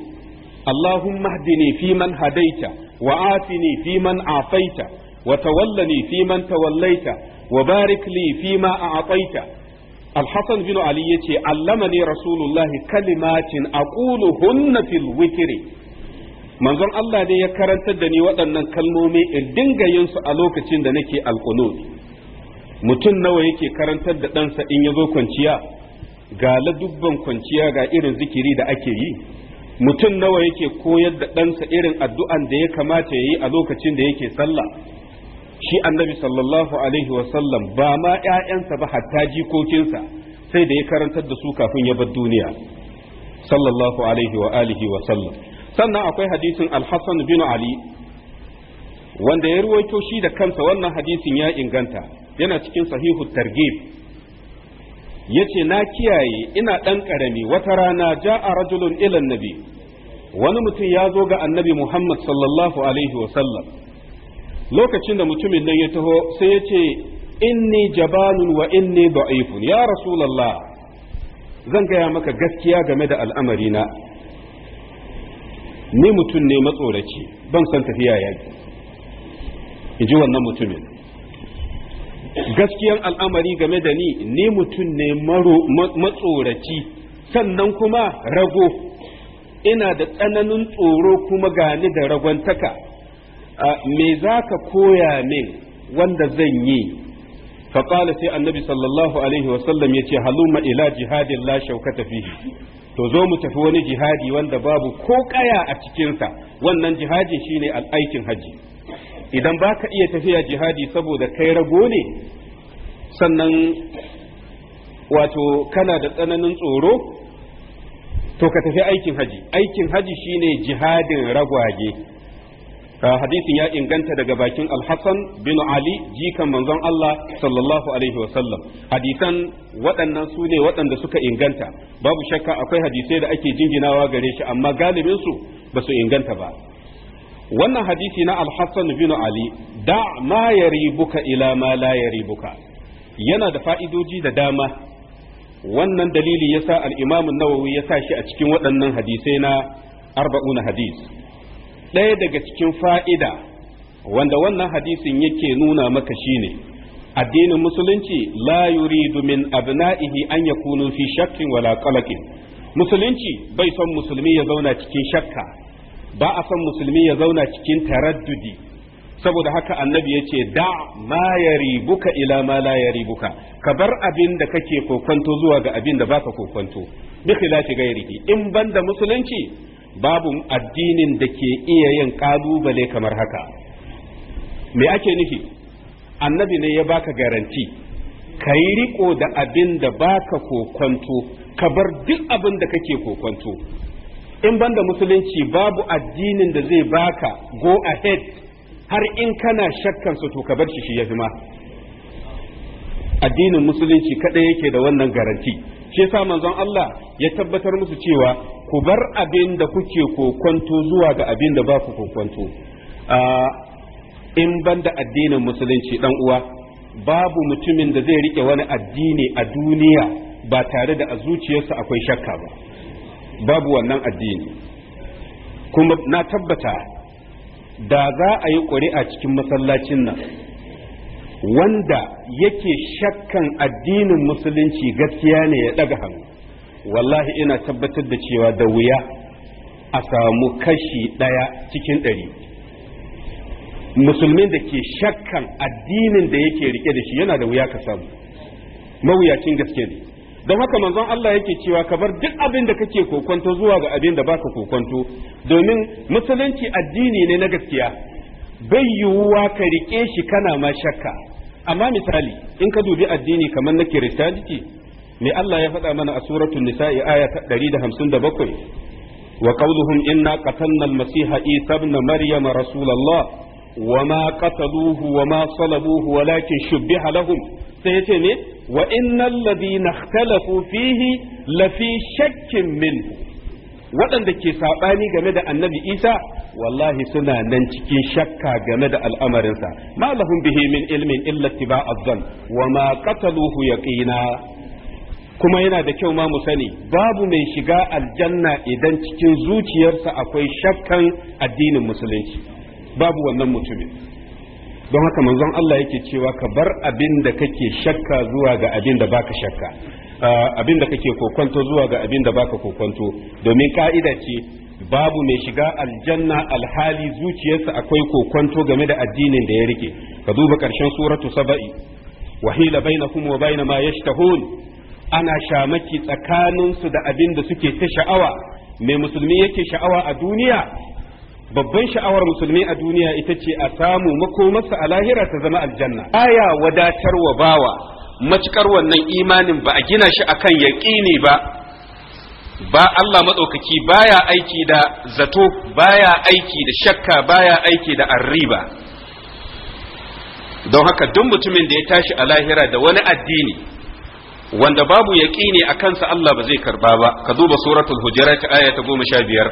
Allahumma hdini fi man hadaita وآتني فيمن أعطيت وتولني فيمن توليت وبارك لي فيما أعطيت الحسن بن علي علمني رسول الله كلمات أقولهن في الوتر manzon Allah dai ya karantar da ni waɗannan kalmomi in dinga yin a lokacin da nake alƙunut mutum nawa yake karantar da ɗansa in ya zo kwanciya ga ladubban kwanciya ga irin zikiri da ake yi mutum nawa yake koyar da ɗansa irin addu'an da ya kamata ya yi a lokacin da yake sallah shi annabi sallallahu alaihi wasallam ba ma ‘ya'yansa ba hatta jikokinsa sai da ya karantar da su kafin ya bar duniya sallallahu alaihi wa alihi wasallam sannan akwai hadisin alhassan bin ali wanda ya ruwaito shi da kansa wannan hadisin ya inganta yana cikin sahihu targib yace na kiyaye ina ɗan karami wata rana ja'a rajulun ilan nabi wani mutum ya zo ga annabi Muhammad sallallahu alaihi wasallam lokacin da mutumin nan ya taho sai ya ce inni jabalun wa inni da'ifun ya rasulallah zan gaya maka gaskiya game da al'amarina ni mutum ne matsoraci ban san tafiya yaƙi in ji wannan mutumin gaskiyan al'amari game da ni ni mutum ne matsoraci sannan kuma rago ina da tsananin tsoro kuma gani da ragon taka. me za ka koya ne wanda zan yi faƙala sai annabi sallallahu alaihi wasallam ya ce haluma ila jihadin la shaukata fihi to zo mu tafi wani jihadi wanda babu ko ƙaya a cikinsa wannan jihadin shine al'aikin hajji idan ba ka iya tafiya jihadi saboda kai rago ne sannan wato kana da tsananin tsoro to ka tafi aikin haji aikin haji shine jihadin ragwage ah, hadisin ya inganta daga bakin alhassan bin ali jikan manzon Allah sallallahu alaihi wasallam hadisan waɗannan su ne waɗanda suka inganta babu shakka akwai hadisai da ake jinginawa gare shi amma galibinsu ba su inganta ba wannan hadisi na Alhassan bin ali da ma yaribuka ila ma la ribuka. yana da fa'idoji da dama wannan dalili yasa al-imam an-nawawi ya sa shi a cikin waɗannan hadisai na arba'una hadis ɗaya daga cikin fa'ida wanda wannan hadisin yake nuna maka shine addinin musulunci la yuridu min abna'ihi an yakunu fi shakkin wala qalaqin musulunci bai son musulmi ya zauna cikin shakka ba a son musulmi ya zauna cikin taraddudi saboda haka annabi ya ce da ma ya ribuka ila ma la ya ribuka ka bar abin da kake kokwanto zuwa ga abin da baka kokwanto bi khilafi gairiki in banda musulunci babu addinin da ke iya yin kalubale kamar haka me ake nufi annabi ne ya baka garanti ka yi riko da abin da baka kokwanto ka bar duk abin da kake kokwanto in banda musulunci babu addinin da zai baka go ahead har in kana shakkan su to ka bar shi shi yafi ma addinin musulunci kadai yake da wannan garanti shi yasa manzon Allah ya tabbatar musu cewa ku bar abin da kuke kokonto zuwa ga abin da ba ku kokonto in banda addinin musulunci dan uwa babu mutumin da zai rike wani addini a duniya ba tare da a zuciyarsa akwai shakka ba babu wannan addini kuma na tabbata da za a yi ƙuri'a cikin masallacin nan wanda yake shakkan addinin musulunci gaskiya ne ya ɗaga hannu wallahi ina tabbatar da cewa da wuya a samu kashi ɗaya cikin ɗari musulmin da ke shakkan addinin da yake rike da shi yana da wuya ka samu mawuyacin gaske ne don haka manzon Allah yake cewa ka bar duk abin da kake kokonto zuwa ga abin da baka kokonto domin musulunci addini ne na gaskiya bai yiwuwa ka rike shi kana ma shakka amma misali in ka dubi addini kamar na kiristaniti me Allah ya faɗa mana a suratul nisa'i aya ta 157 wa qawluhum inna qatalna al-masiha isa ibn maryam rasulullah wa ma qataluhu wa ma salabuhu walakin shubbiha lahum sai yace ne wa innal ladina ikhtalafu lafi shakkin minhu waɗanda ke saɓani game da annabi isa wallahi suna nan cikin shakka game da al'amarinsa ma bihi min ilmin illa tiba'a zan wa ma qataluhu yaqina kuma yana da kyau ma mu sani babu mai shiga aljanna idan cikin zuciyarsa akwai shakkan addinin musulunci babu wannan mutumin don haka manzon Allah yake cewa ka bar abin da kake shakka zuwa ga abin da baka shakka ah, abin da kake kokonto zuwa ga abin da baka kokonto domin ka'ida ce babu mai shiga aljanna alhali zuciyarsa akwai kokonto game da addinin da ya rike ka duba karshen suratu saba'i wahila bainakum wa baina ma yashtahun ana shamaki tsakaninsu da abin da suke ta sha'awa mai musulmi yake sha'awa a duniya babban sha'awar musulmi a duniya ita ce a samu makomarsa a lahira ta zama aljanna aya wadatar wa bawa matukar wannan imanin ba a gina shi akan yaƙini ba ba Allah matsaukaki baya aiki da zato baya aiki da shakka baya aiki da arriba don haka duk mutumin da ya tashi a lahira da wani addini wanda babu ne a kansa Allah ba zai karba ba ka duba suratul hujurat aya ta 15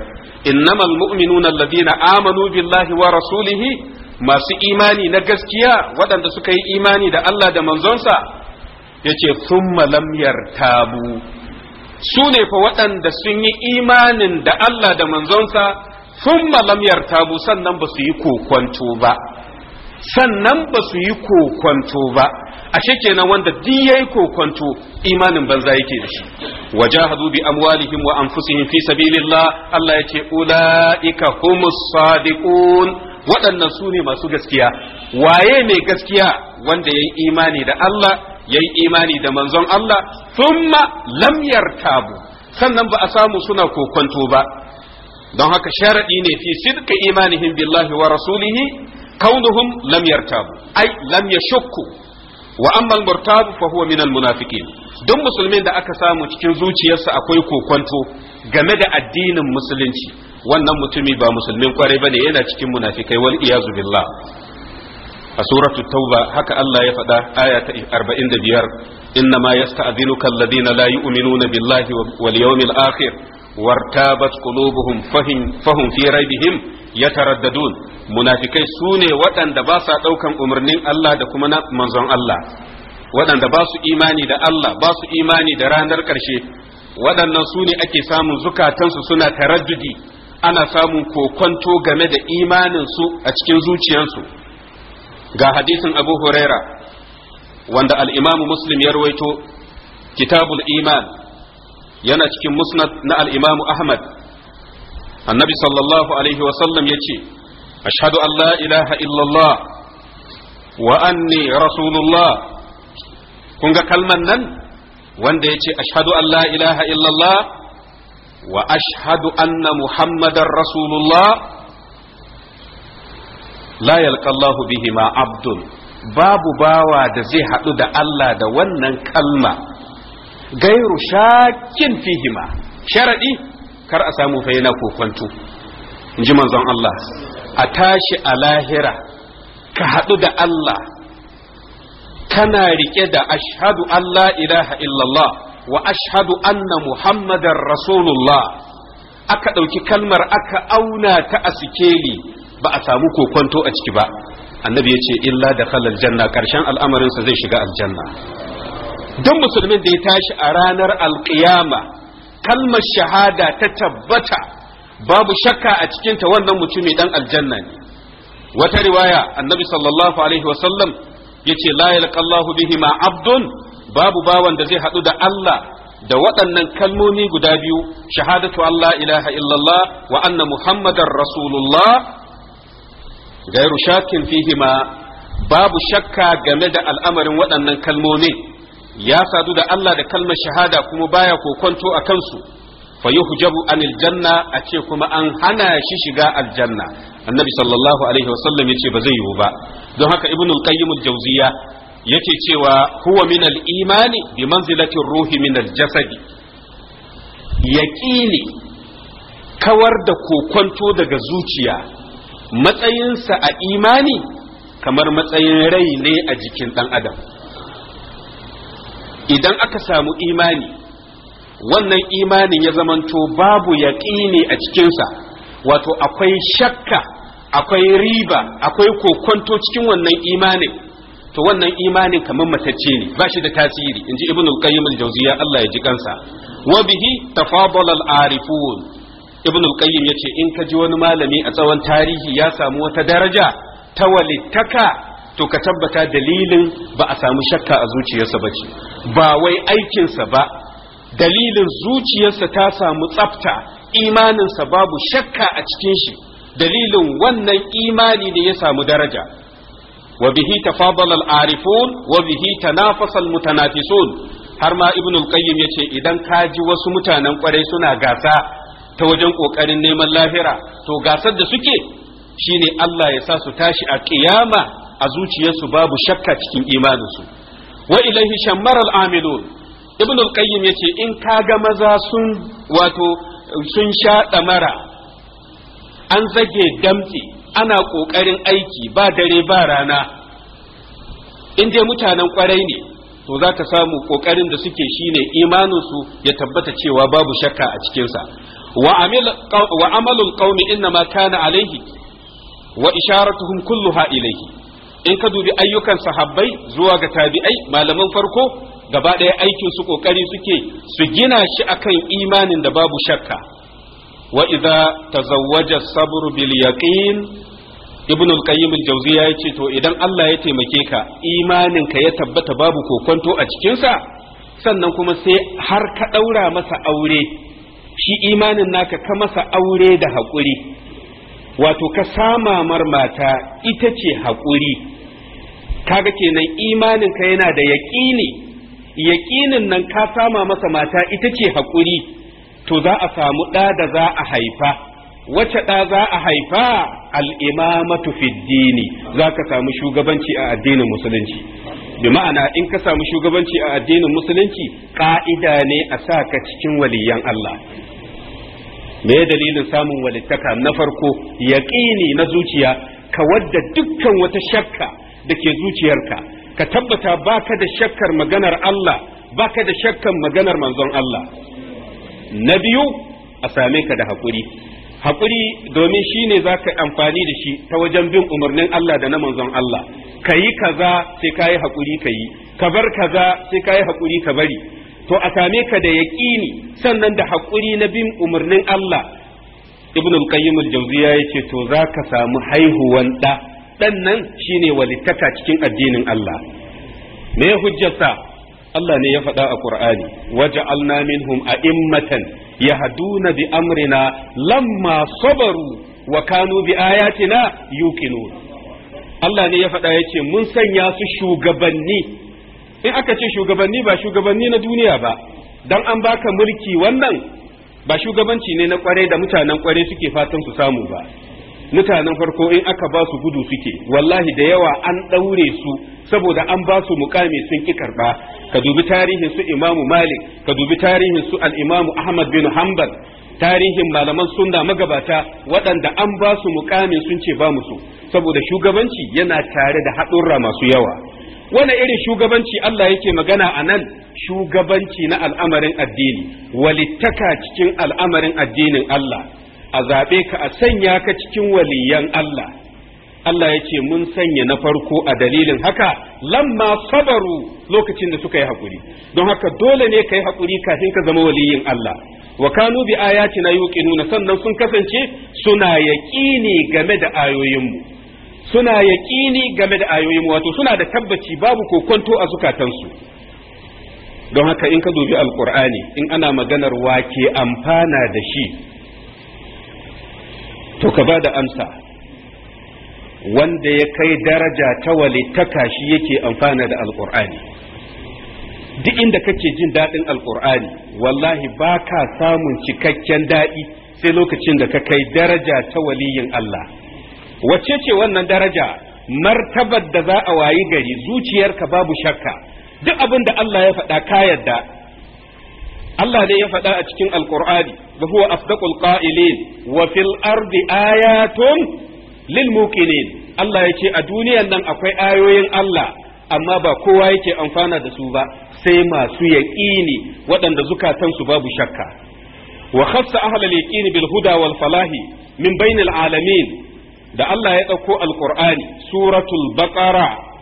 innamal mu'minuna alladhina amanu billahi wa rasulihi masu imani na gaskiya waɗanda suka yi imani da Allah da manzonsa yace thumma lam yartabu su ne fa waɗanda sun yi imanin da Allah da manzonsa thumma lam yartabu sannan ba su yi kokonto ba sannan ba su yi kokwanto ba ashe kenan wanda duk yayi kokwanto imanin banza yake da shi wajahadu bi amwalihim wa anfusihim fi sabilillah Allah yace ulaika humus sadiqun waɗannan su ne masu gaskiya waye mai gaskiya wanda yayi imani da Allah yayi imani da manzon Allah thumma lam yartabu sannan ba a samu suna kokwanto ba don haka sharadi ne fi sidqi imanihim billahi wa rasulihi Kaunuhun lam yartabu ai lam yashukku wa amma al-murtabu duk musulmin da aka samu cikin zuciyarsa akwai kokonto game da addinin musulunci wannan mutumi ba musulmin kwarai bane yana cikin munafikai wal iyazu billah a suratu tauba haka Allah ya faɗa aya ta 45 inna ma yasta'dhinuka alladhina la yu'minuna billahi wal yawmil akhir wartabat qulubuhum fahim fahum fi raibihim yataraddadun munafikai sune waɗanda ba sa ɗaukan umarnin Allah da kuma manzon Allah waɗanda ba su imani da Allah ba su imani da ranar ƙarshe waɗannan su ne ake samun zukatansu suna taraddudi ana samun kokonto game da imaninsu a cikin zuciyarsu ga hadisin abu huraira wanda al'imamu muslim ya kitabul iman yana cikin musnad na Alimamu ahmad annabi sallallahu alaihi wasallam ya ce ashadu an ilaha illallah wa anni rasulullah kun ga kalman nan wanda ya ce ashhadu an ilaha illallah wa ashadu anna muhammadar rasulullah la yalqa Allah bihima abdun babu bawa da zai haɗu da Allah da wannan kalma gairu shakin fihima sharaɗi kar a samu fa yana kokwanto in ji manzon Allah a tashi a lahira ka haɗu da Allah kana riƙe da ashhadu Allah ilaha illallah wa ashhadu anna muhammadar rasulullah aka ɗauki kalmar aka auna ta a sikeli ba a samu kokwanto a ciki ba annabi ya ce illa da khalal janna ƙarshen al'amarinsa zai shiga aljanna duk musulmin da ya tashi a ranar alkiyama kalmar shahada ta tabbata babu shakka a cikinta wannan mutumi dan aljanna ne wata riwaya annabi sallallahu alaihi wasallam ya ce la yalqallahu bihi ma abdun babu bawan da zai haɗu da Allah da waɗannan kalmomi guda biyu shahadatu Allah ilaha illallah wa anna muhammadar rasulullah gairu fihima babu shakka game da al'amarin waɗannan kalmomin ya sadu da Allah da kalmar shahada kuma baya kokonto a kansu fa yuhjabu anil janna a ce kuma an hana shi shiga aljanna annabi sallallahu alaihi wasallam yace ba zai yiwu ba don haka ibnul qayyim al-jawziya yake cewa huwa min al-imani bi manzilati ruhi min al-jasadi yaqini kawar da kokonto daga zuciya matsayinsa a imani kamar matsayin rai ne a jikin dan adam idan aka samu imani wannan imanin ya zamanto babu yaƙini a cikinsa wato akwai shakka akwai riba akwai kokonto cikin wannan imanin to wannan imanin kamar matacce ne ba shi da tasiri in ji ibn al-qayyim al-jawziya Allah ya ji kansa wa bihi tafadala al-arifun ibn al-qayyim yace in ka ji wani malami a tsawon tarihi ya samu wata daraja ta walittaka to ka tabbata dalilin ba a samu shakka a zuciyarsa ba ce ba wai aikinsa ba dalilin zuciyarsa ta samu tsafta imaninsa babu shakka a cikin shi dalilin wannan imani ne ya samu daraja wa bihi tafadala al-arifun wa bihi tanafasa al-mutanafisun har ma ibn al-qayyim yace idan ka ji wasu mutanen kwarai suna gasa ta wajen kokarin neman lahira to gasar da suke shine Allah ya sa su tashi a kiyama a zuciyarsu babu shakka cikin imaninsu wa ilaihi shammar al'amilun ibn al-qayyim yace in ka ga maza sun wato sun sha ɗamara an zage damti ana ƙoƙarin aiki ba dare ba rana in je mutanen ƙwarai ne to za ka samu ƙoƙarin da suke shine imaninsu ya tabbata cewa babu shakka a cikinsa wa amalul qaumi inna ma kana alaihi wa isharatuhum kulluha ilaihi in ka dubi ayyukan sahabbai zuwa ga tabi'ai malaman farko gaba ɗaya aikin su kokari suke su gina shi akan imanin da babu shakka wa idza tazawwaja sabru bil yaqin ibn al-qayyim al-jawziya yace to idan Allah ya taimake ka imanin ka ya tabbata babu kokonto a cikin sa sannan kuma sai har ka daura masa aure shi imanin naka ka masa aure da haƙuri wato ka sama marmata mata ita ce haƙuri kaga kenan imanin ka yana da yaƙini yaƙinin nan ka sama masa mata ita ce haƙuri to za a samu ɗa da za a haifa wace ɗa za a haifa al'imamatu fiddini za ka samu shugabanci a addinin musulunci bi ma'ana in ka samu shugabanci a addinin musulunci ƙa'ida ne a sa ka cikin waliyan Allah me dalilin samun walittaka na farko yaƙini na zuciya ka wadda dukkan wata shakka da ke zuciyarka ka tabbata baka da shakkar maganar Allah baka da shakkar maganar manzon Allah na biyu a same ka da haƙuri haƙuri domin shi ne za ka amfani da shi ta wajen bin umarnin Allah da na manzon Allah ka yi kaza sai ka yi haƙuri ka yi ka bar kaza sai ka yi haƙuri ka bari to a same ka da yaƙini sannan da haƙuri na bin umarnin Allah ibn al-qayyim al-jawziya yace to zaka samu haihuwan da dan nan shine walittaka cikin addinin Allah me hujjarsa Allah ne ya faɗa a Qur'ani waja'alna minhum a'immatan yahduna bi amrina lamma sabaru wa kanu bi ayatina yuqinun Allah ne ya faɗa yace mun sanya su shugabanni in aka ce shugabanni ba shugabanni na duniya ba dan an baka mulki wannan ba shugabanci ne na kware da mutanen kware suke fatan su samu ba mutanen farko in aka ba su gudu suke wallahi da yawa an ɗaure su saboda an ba su mukami sun ki karɓa ka dubi tarihin su imamu malik ka dubi tarihin su al'imamu ahmad bin hanbal tarihin malaman sunna magabata waɗanda an ba su mukamin sun ce ba musu saboda shugabanci yana tare da haɗurra masu yawa wani irin shugabanci Allah yake magana a nan shugabanci na al'amarin addini walittaka cikin al'amarin addinin Allah a zaɓe ka a sanya ka cikin waliyan Allah Allah ya ce mun sanya na farko a dalilin haka lamma sabaru lokacin da suka yi haƙuri don haka dole ne ka yi haƙuri kafin ka zama waliyin Allah wa kanu bi ayatina yuqinuna sannan sun kasance suna yaƙini game da ayoyinmu suna yaƙini game da ayoyinmu wato suna da tabbaci babu kokonto a zukatansu don haka in ka dubi alqur'ani in ana maganar wake amfana da shi to ka ba da amsa wanda ya kai daraja ta walittaka shi yake amfana da alkur'ani duk inda kake jin daɗin alkur'ani wallahi ba ka samun cikakken daɗi sai lokacin da ka kai daraja ta waliyin Allah wacce ce wannan daraja martabar da za a wayi gari zuciyarka babu shakka duk abin da Allah ya faɗa ka yarda Allah ne ya faɗa a cikin alkur'ani wa huwa asdaqul qa'ilin wa fil ardi ayatun lil muqinin Allah ya ce a duniyan nan akwai ayoyin Allah amma ba kowa yake amfana da su ba sai masu yaƙini waɗanda zukatansu babu shakka wa khassa ahlal yaqini bil huda wal falahi min bainil alamin da Allah ya ɗauko alkur'ani suratul baqara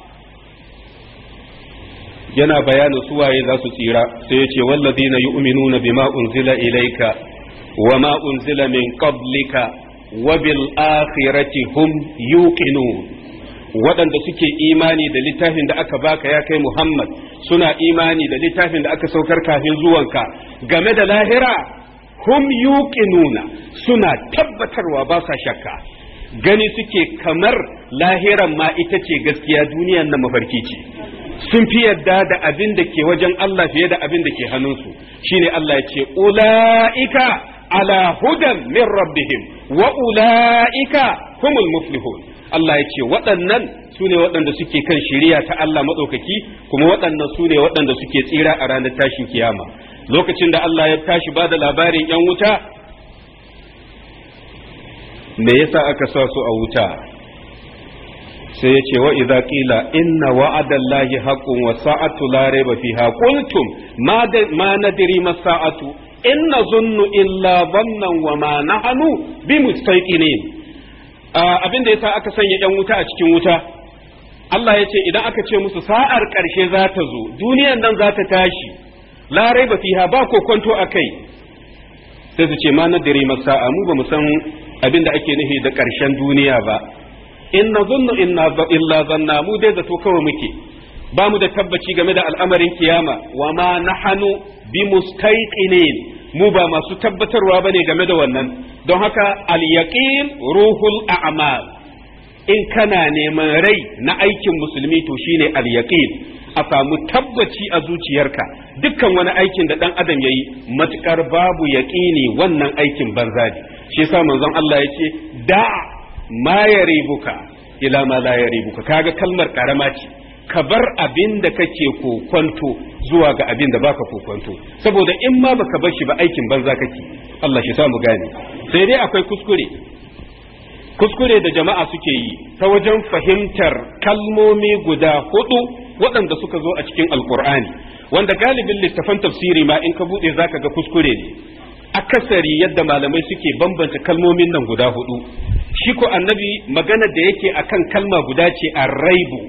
yana bayanin waye za su tsira sai ya ce wallazina yu'minuna bima unzila ilayka wa ma unzila min qablika wa bil akhirati hum yuqinun waɗanda suke imani da littafin da aka baka ya kai Muhammad suna imani da littafin da aka saukar kafin zuwanka game da lahira hum yuqinuna suna tabbatarwa ba sa shakka gani suke kamar lahiran ma ita ce gaskiya duniyan na mafarki ce sun fi yadda da abin da ke wajen Allah fiye da abin da ke hannunsu shine Allah ya ce ula'ika ala hudan min rabbihim wa ula'ika humul muflihun Allah ya ce waɗannan su ne waɗanda suke kan shirya ta Allah maɗaukaki kuma waɗannan su ne waɗanda suke tsira a ranar tashin kiyama lokacin da Allah ya tashi ba da labarin 'yan wuta me yasa aka sa su a wuta sai yace wa idza qila inna wa'adallahi haqqun wa sa'atu la rayba fiha qultum ma ma nadri ma sa'atu inna zunnu illa dhannan wa ma nahnu bimustaqinin abin da yasa aka sanya yan wuta a cikin wuta Allah ya ce idan aka ce musu sa'ar ƙarshe za ta zo duniyan nan za ta tashi larai ba fiha ba ko kwanto a kai sai su ce ma na dare sa'a mu ba mu san abin da ake nufi da ƙarshen duniya ba in zunnu inna illa zanna mu dai zato kawai muke ba mu da tabbaci game da al'amarin kiyama wa ma nahanu bi mustaqinin mu ba masu tabbatarwa bane game da wannan don haka al yaqin ruhul a'mal in kana neman rai na aikin musulmi to shine al yaqin a samu tabbaci a zuciyarka dukkan wani aikin da dan adam yayi matukar babu yaqini wannan aikin banza ne shi yasa manzon Allah yace da ma ka ila ma la ka kaga kalmar karama ce ka bar abin da kake kokonto zuwa ga abin da baka kokonto saboda in ma baka bar shi ba aikin banza kake Allah shi samu gane sai dai akwai kuskure kuskure da jama'a suke yi ta wajen fahimtar kalmomi guda hudu waɗanda suka zo a cikin alkur'ani wanda galibin littafan tafsiri ma in ka buɗe zaka ga kuskure ne akasari yadda malamai suke bambanta kalmomin nan guda hudu shi ko annabi magana da yake akan kalma guda ce arraibu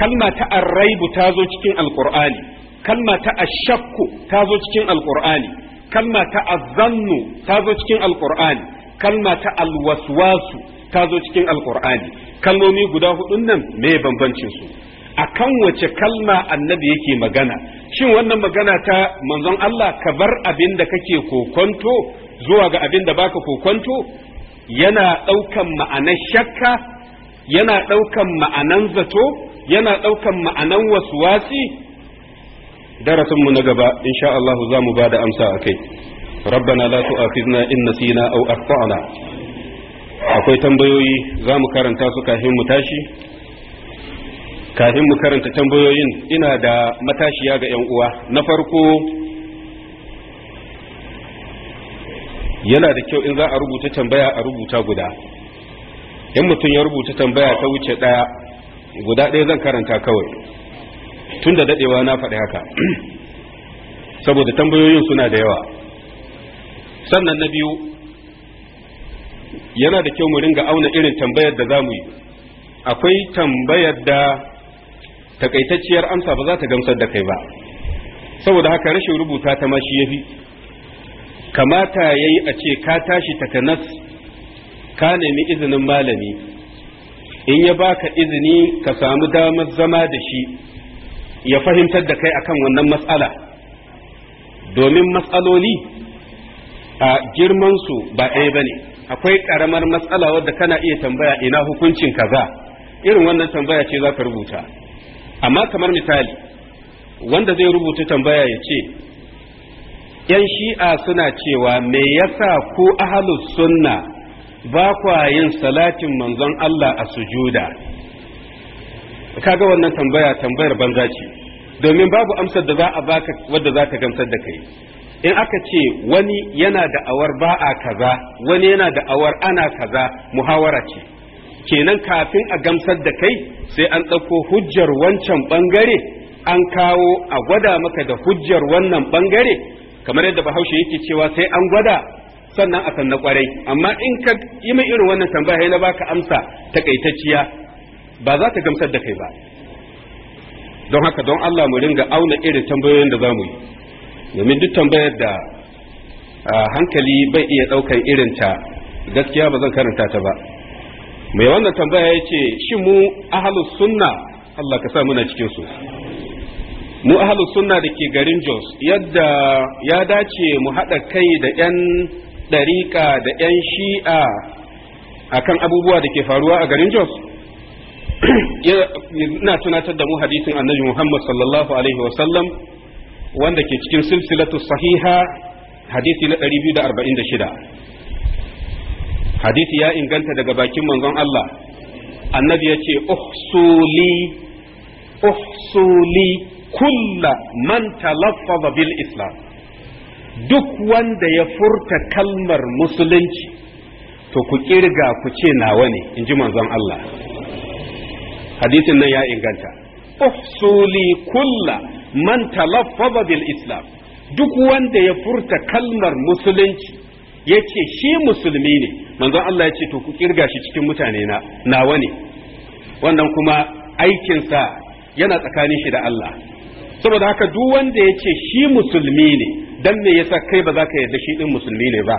kalma ta arraibu ta zo cikin alqur'ani kalma ta ashakku ta zo cikin alqur'ani kalma ta azannu ta zo cikin alqur'ani kalma ta alwaswasu ta zo cikin alkur'ani kalmomi guda hudun nan me bambancin su akan wace kalma annabi yake magana shin wannan magana ta manzon Allah ka bar abin da kake kokonto zuwa ga abin da baka kokonto yana ɗaukan ma'anar shakka yana ɗaukan ma'anan zato yana ɗaukan ma'anan wasuwasi darasinmu na gaba insha Allah za mu ba da amsa a kai rabbana la tu'akhidna in nasina aw akhtana akwai tambayoyi za mu karanta su kafin mu tashi kafin mu karanta tambayoyin ina da matashiya ga 'yan uwa na farko yana da kyau in za a rubuta tambaya a rubuta guda in mutum ya rubuta tambaya ta wuce daya guda ɗaya zan karanta kawai tun da daɗewa na faɗi haka saboda tambayoyin suna da yawa sannan na biyu yana da kyau mu ringa auna irin tambayar da za mu yi akwai tambayar da takaitacciyar amsa ba za ta gamsar da kai ba saboda haka rashin rubuta ta ma shi yafi kamata yayi a ce ka tashi takanas ka nemi izinin malami in ya baka izini ka samu damar zama da shi ya fahimtar da kai akan wannan matsala domin matsaloli a girmansu ba ɗaya ba ne akwai ƙaramar matsala wadda kana iya tambaya ina hukuncin kaza irin wannan tambaya ce za ka rubuta amma kamar misali wanda zai rubuta tambaya ya ce ‘yan shi'a suna cewa me yasa ko ahalus sunna ba kwa yin salatin manzon Allah a sujuda kaga wannan tambaya tambayar banza ce domin babu amsar da za a baka wadda za ta gamsar da kai in aka ce wani yana da awar ba a kaza wani yana da awar ana kaza muhawara ce kenan kafin a gamsar da kai sai an ɗauko hujjar wancan ɓangare an kawo a gwada maka da hujjar wannan ɓangare kamar yadda bahaushe yake cewa sai an gwada sannan a sanna kwarai amma in ka yi mai irin wannan tambaya na baka amsa takaitacciya ba za ta gamsar da kai ba don haka don Allah mu ringa auna irin tambayoyin da za mu yi domin duk tambayar da hankali bai iya ɗaukar irinta gaskiya ba zan karanta ta ba mai wannan tambaya ya ce shi mu ahalus sunna Allah ka sa muna cikin su mu ahalus sunna da ke garin Jos yadda ya dace mu haɗa kai da 'yan ɗariƙa da 'yan shi'a akan abubuwa da ke faruwa a garin Jos ina tunatar da mu hadisin annabi Muhammad sallallahu alaihi wasallam wanda ke cikin silsilatu sahiha hadisi na 246 hadisi ya inganta daga bakin manzon Allah annabi ya ce uhsuli uhsuli kulla man talaffaza bil islam duk wanda ya furta kalmar musulunci to ku kirga ku ce nawa ne inji ji manzon Allah hadisin nan ya inganta uhsuli kulla man talaffaza bil islam duk wanda ya furta kalmar musulunci ya ce shi musulmi ne manzon Allah ya ce to ku kirga shi cikin mutane na nawa ne wannan kuma aikinsa yana tsakanin shi da Allah saboda haka duk wanda yace shi musulmi ne dan me yasa kai ba za ka yarda shi din musulmi ne ba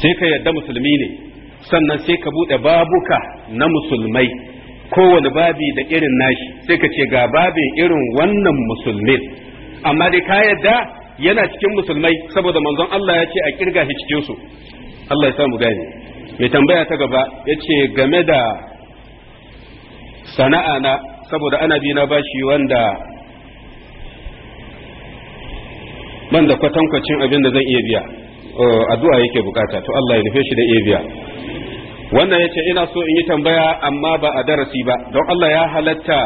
sai ka yarda musulmi ne sannan sai ka bude babuka na musulmai kowane babi da irin nashi sai ka ce ga babin irin wannan musulmin amma dai ka yarda yana cikin musulmai saboda manzon Allah ya ce a kirga shi cikin su Allah ya samu gani. mai tambaya ta gaba ya ce game da sana'a na saboda ana bi na bashi wanda ban da kwatankwacin abin da zan iya biya addu'a yake bukata to Allah ya nufe shi da iya biya wannan ya ce ina so in yi tambaya amma ba a darasi ba don Allah ya halatta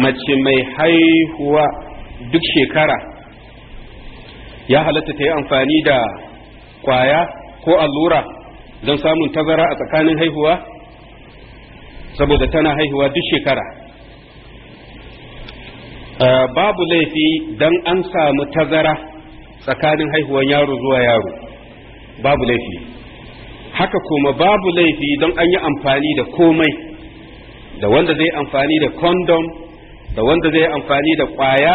mace mai haihuwa duk shekara ya halatta ta yi amfani da kwaya ko allura don samun tazara a tsakanin haihuwa saboda tana haihuwa duk shekara eh, babu laifi don an samu tazara tsakanin haihuwan yaro zuwa yaro babu laifi haka kuma babu laifi don an yi amfani da komai da wanda zai amfani da condom da wanda zai amfani da kwaya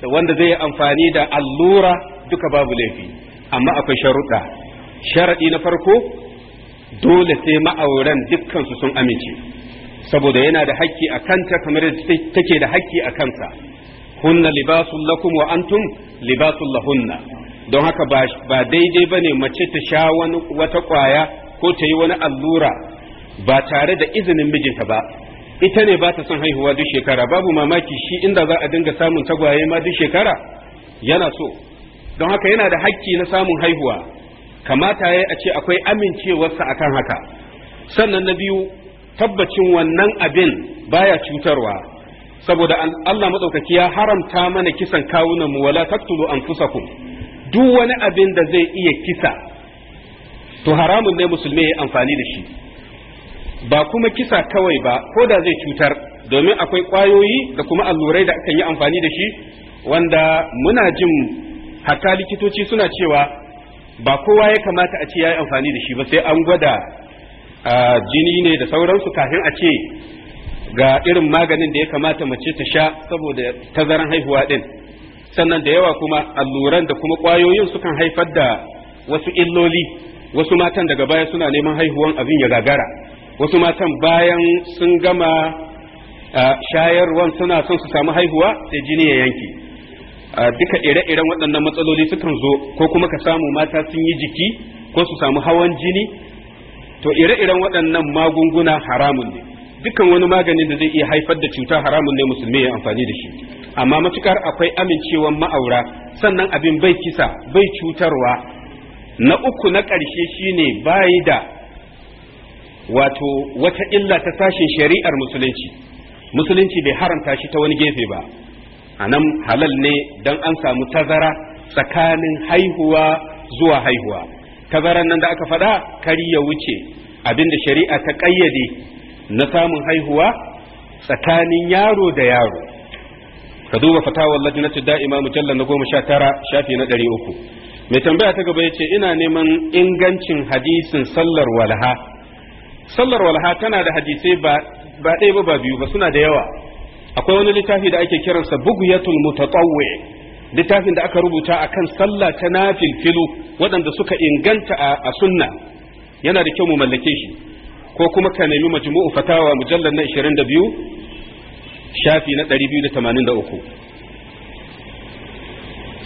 da wanda zai amfani da allura duka babu laifi amma akwai sharuɗa sharaɗi na farko dole sai ma'auran dukkansu sun amince saboda yana da hakki a kanta kamar take da hakki a kansa hunna libasul lakum wa antum libasul lahunna don haka ba daidai ba ne mace ta sha wani wata ƙwaya ko ta yi wani allura ba tare da izinin mijinta ba ita ne ba ta son haihuwa duk shekara babu mamaki shi inda za a dinga samun tagwaye ma duk shekara yana so don haka yana da hakki na samun haihuwa kamata ya a ce akwai amincewarsa akan haka sannan na biyu tabbacin wannan abin baya cutarwa saboda Allah maɗaukaki ya haramta mana kisan kawunan mu wala taqtulu anfusakum duk wani abin da zai iya kisa to haramun ne musulmi ya amfani da shi ba kuma kisa kawai ba ko da zai cutar domin akwai kwayoyi da kuma allurai da akan yi amfani da shi wanda muna jin hatta likitoci suna cewa ba kowa ya kamata a ce ya yi amfani da shi ba sai an gwada jini ne da sauransu kafin a ce ga irin maganin da ya kamata mace ta sha saboda tazaran haihuwa din sannan da yawa kuma alluran da kuma kwayoyin sukan haifar da wasu illoli wasu matan daga baya suna neman haihuwan abin ya gagara wasu matan bayan sun gama shayarwan suna son su samu haihuwa sai jini ya yanke duka ire-iren waɗannan matsaloli sukan zo ko kuma ka samu mata sun yi jiki ko su samu hawan jini to ire-iren waɗannan magunguna haramun ne dukkan wani maganin da zai iya haifar da cuta haramun ne musulmi ya amfani da shi amma matukar akwai amincewan ma'aura sannan abin bai kisa bai cutarwa na uku na ƙarshe shine bayi da wato wata illa ta sashin shari'ar musulunci musulunci bai haramta shi ta wani gefe ba a nan halal ne don an samu tazara tsakanin haihuwa zuwa haihuwa tazaran nan da aka faɗa kari ya wuce abinda shari'a ta ƙayyade na samun haihuwa tsakanin yaro da yaro ka duba fatawar lajinatu da'ima mujallar na goma sha tara shafi na ɗari uku mai tambaya ta gaba ya ce ina neman ingancin hadisin sallar walha sallar walha tana da hadisai ba ɗaya ba biyu ba suna da yawa akwai wani littafi da ake kiransa bughyatul mutatawwi littafin da aka rubuta akan sallah ta filu waɗanda suka inganta a sunna yana da kyau mu mallake shi ko kuma ka nemi majmu'u fatawa mujallar na 22 shafi na 283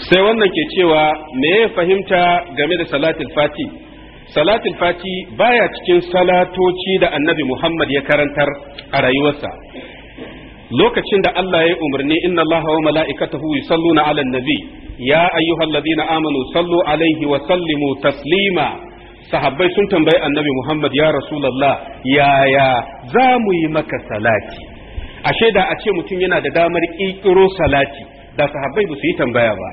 sai wannan ke cewa me ya fahimta game da salatul fati salatul fati baya cikin salatoci da annabi muhammad ya karantar a rayuwarsa lokacin da Allah ya yi umarni inna Allah wa mala'ikatahu yusalluna 'alan nabi ya na amanu sallu alaihi wa sallimu taslima sahabbai sun tambayi annabi Muhammad ya rasulullah yaya za mu yi maka salati ashe da a ce mutum yana da damar ƙirƙiro salati da sahabbai ba su yi tambaya ba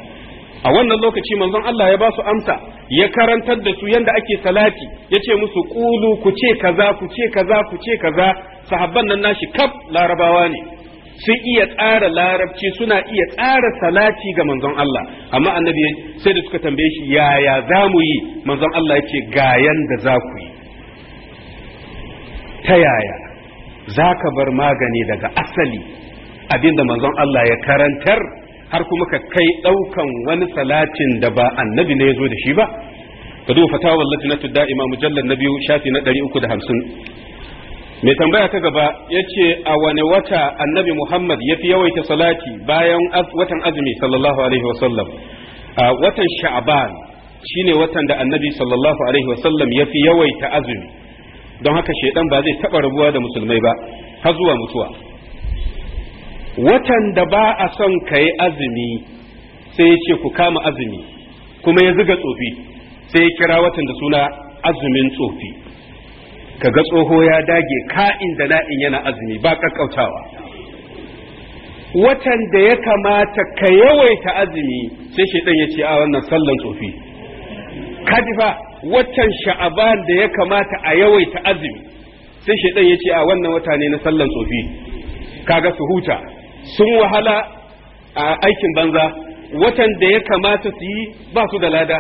a wannan lokaci manzon Allah ya ba su amsa ya karantar da su yanda ake salati ya ce musu ƙulu ku ce kaza ku ce kaza ku ce kaza sahabban nan nashi kaf larabawa ne sun iya tsara larabci suna iya tsara salati ga manzon Allah amma annabi sai da suka tambaye shi yaya za mu yi manzon Allah yake ce ga yanda za ku yi ta yaya za ka bar magani daga asali abinda manzon Allah ya karantar har kuma ka kai ɗaukan wani salatin da ba annabi ne ya zo da shi ba ka duba fatawar na da'ima mujallar na biyu shafi na 350 mai tambaya ta gaba ya ce a wane wata annabi muhammad ya fi yawaita salati bayan watan azumi sallallahu alaihi wasallam a watan sha'aban shine watan da annabi sallallahu alaihi wasallam ya fi yawaita azumi don haka shaidan ba zai taba rabuwa da musulmai ba har zuwa mutuwa watan da ba a son ka yi azumi sai ya ce ku kama azumi kuma ya ziga tsofi sai ya kira watan da suna azumin tsofi ka ga tsoho ya dage ka'in da la'in yana azumi ba kakkautawa watan da ya kamata ka yawaita azumi sai shaidan ya ce a wannan sallan tsofi kadifa watan sha'aban da ya kamata a yawaita azumi sai shaidan ya ce a wannan wata ne na sallan tsofi kaga su huta sun wahala a aikin banza watan da ya kamata su yi ba su da lada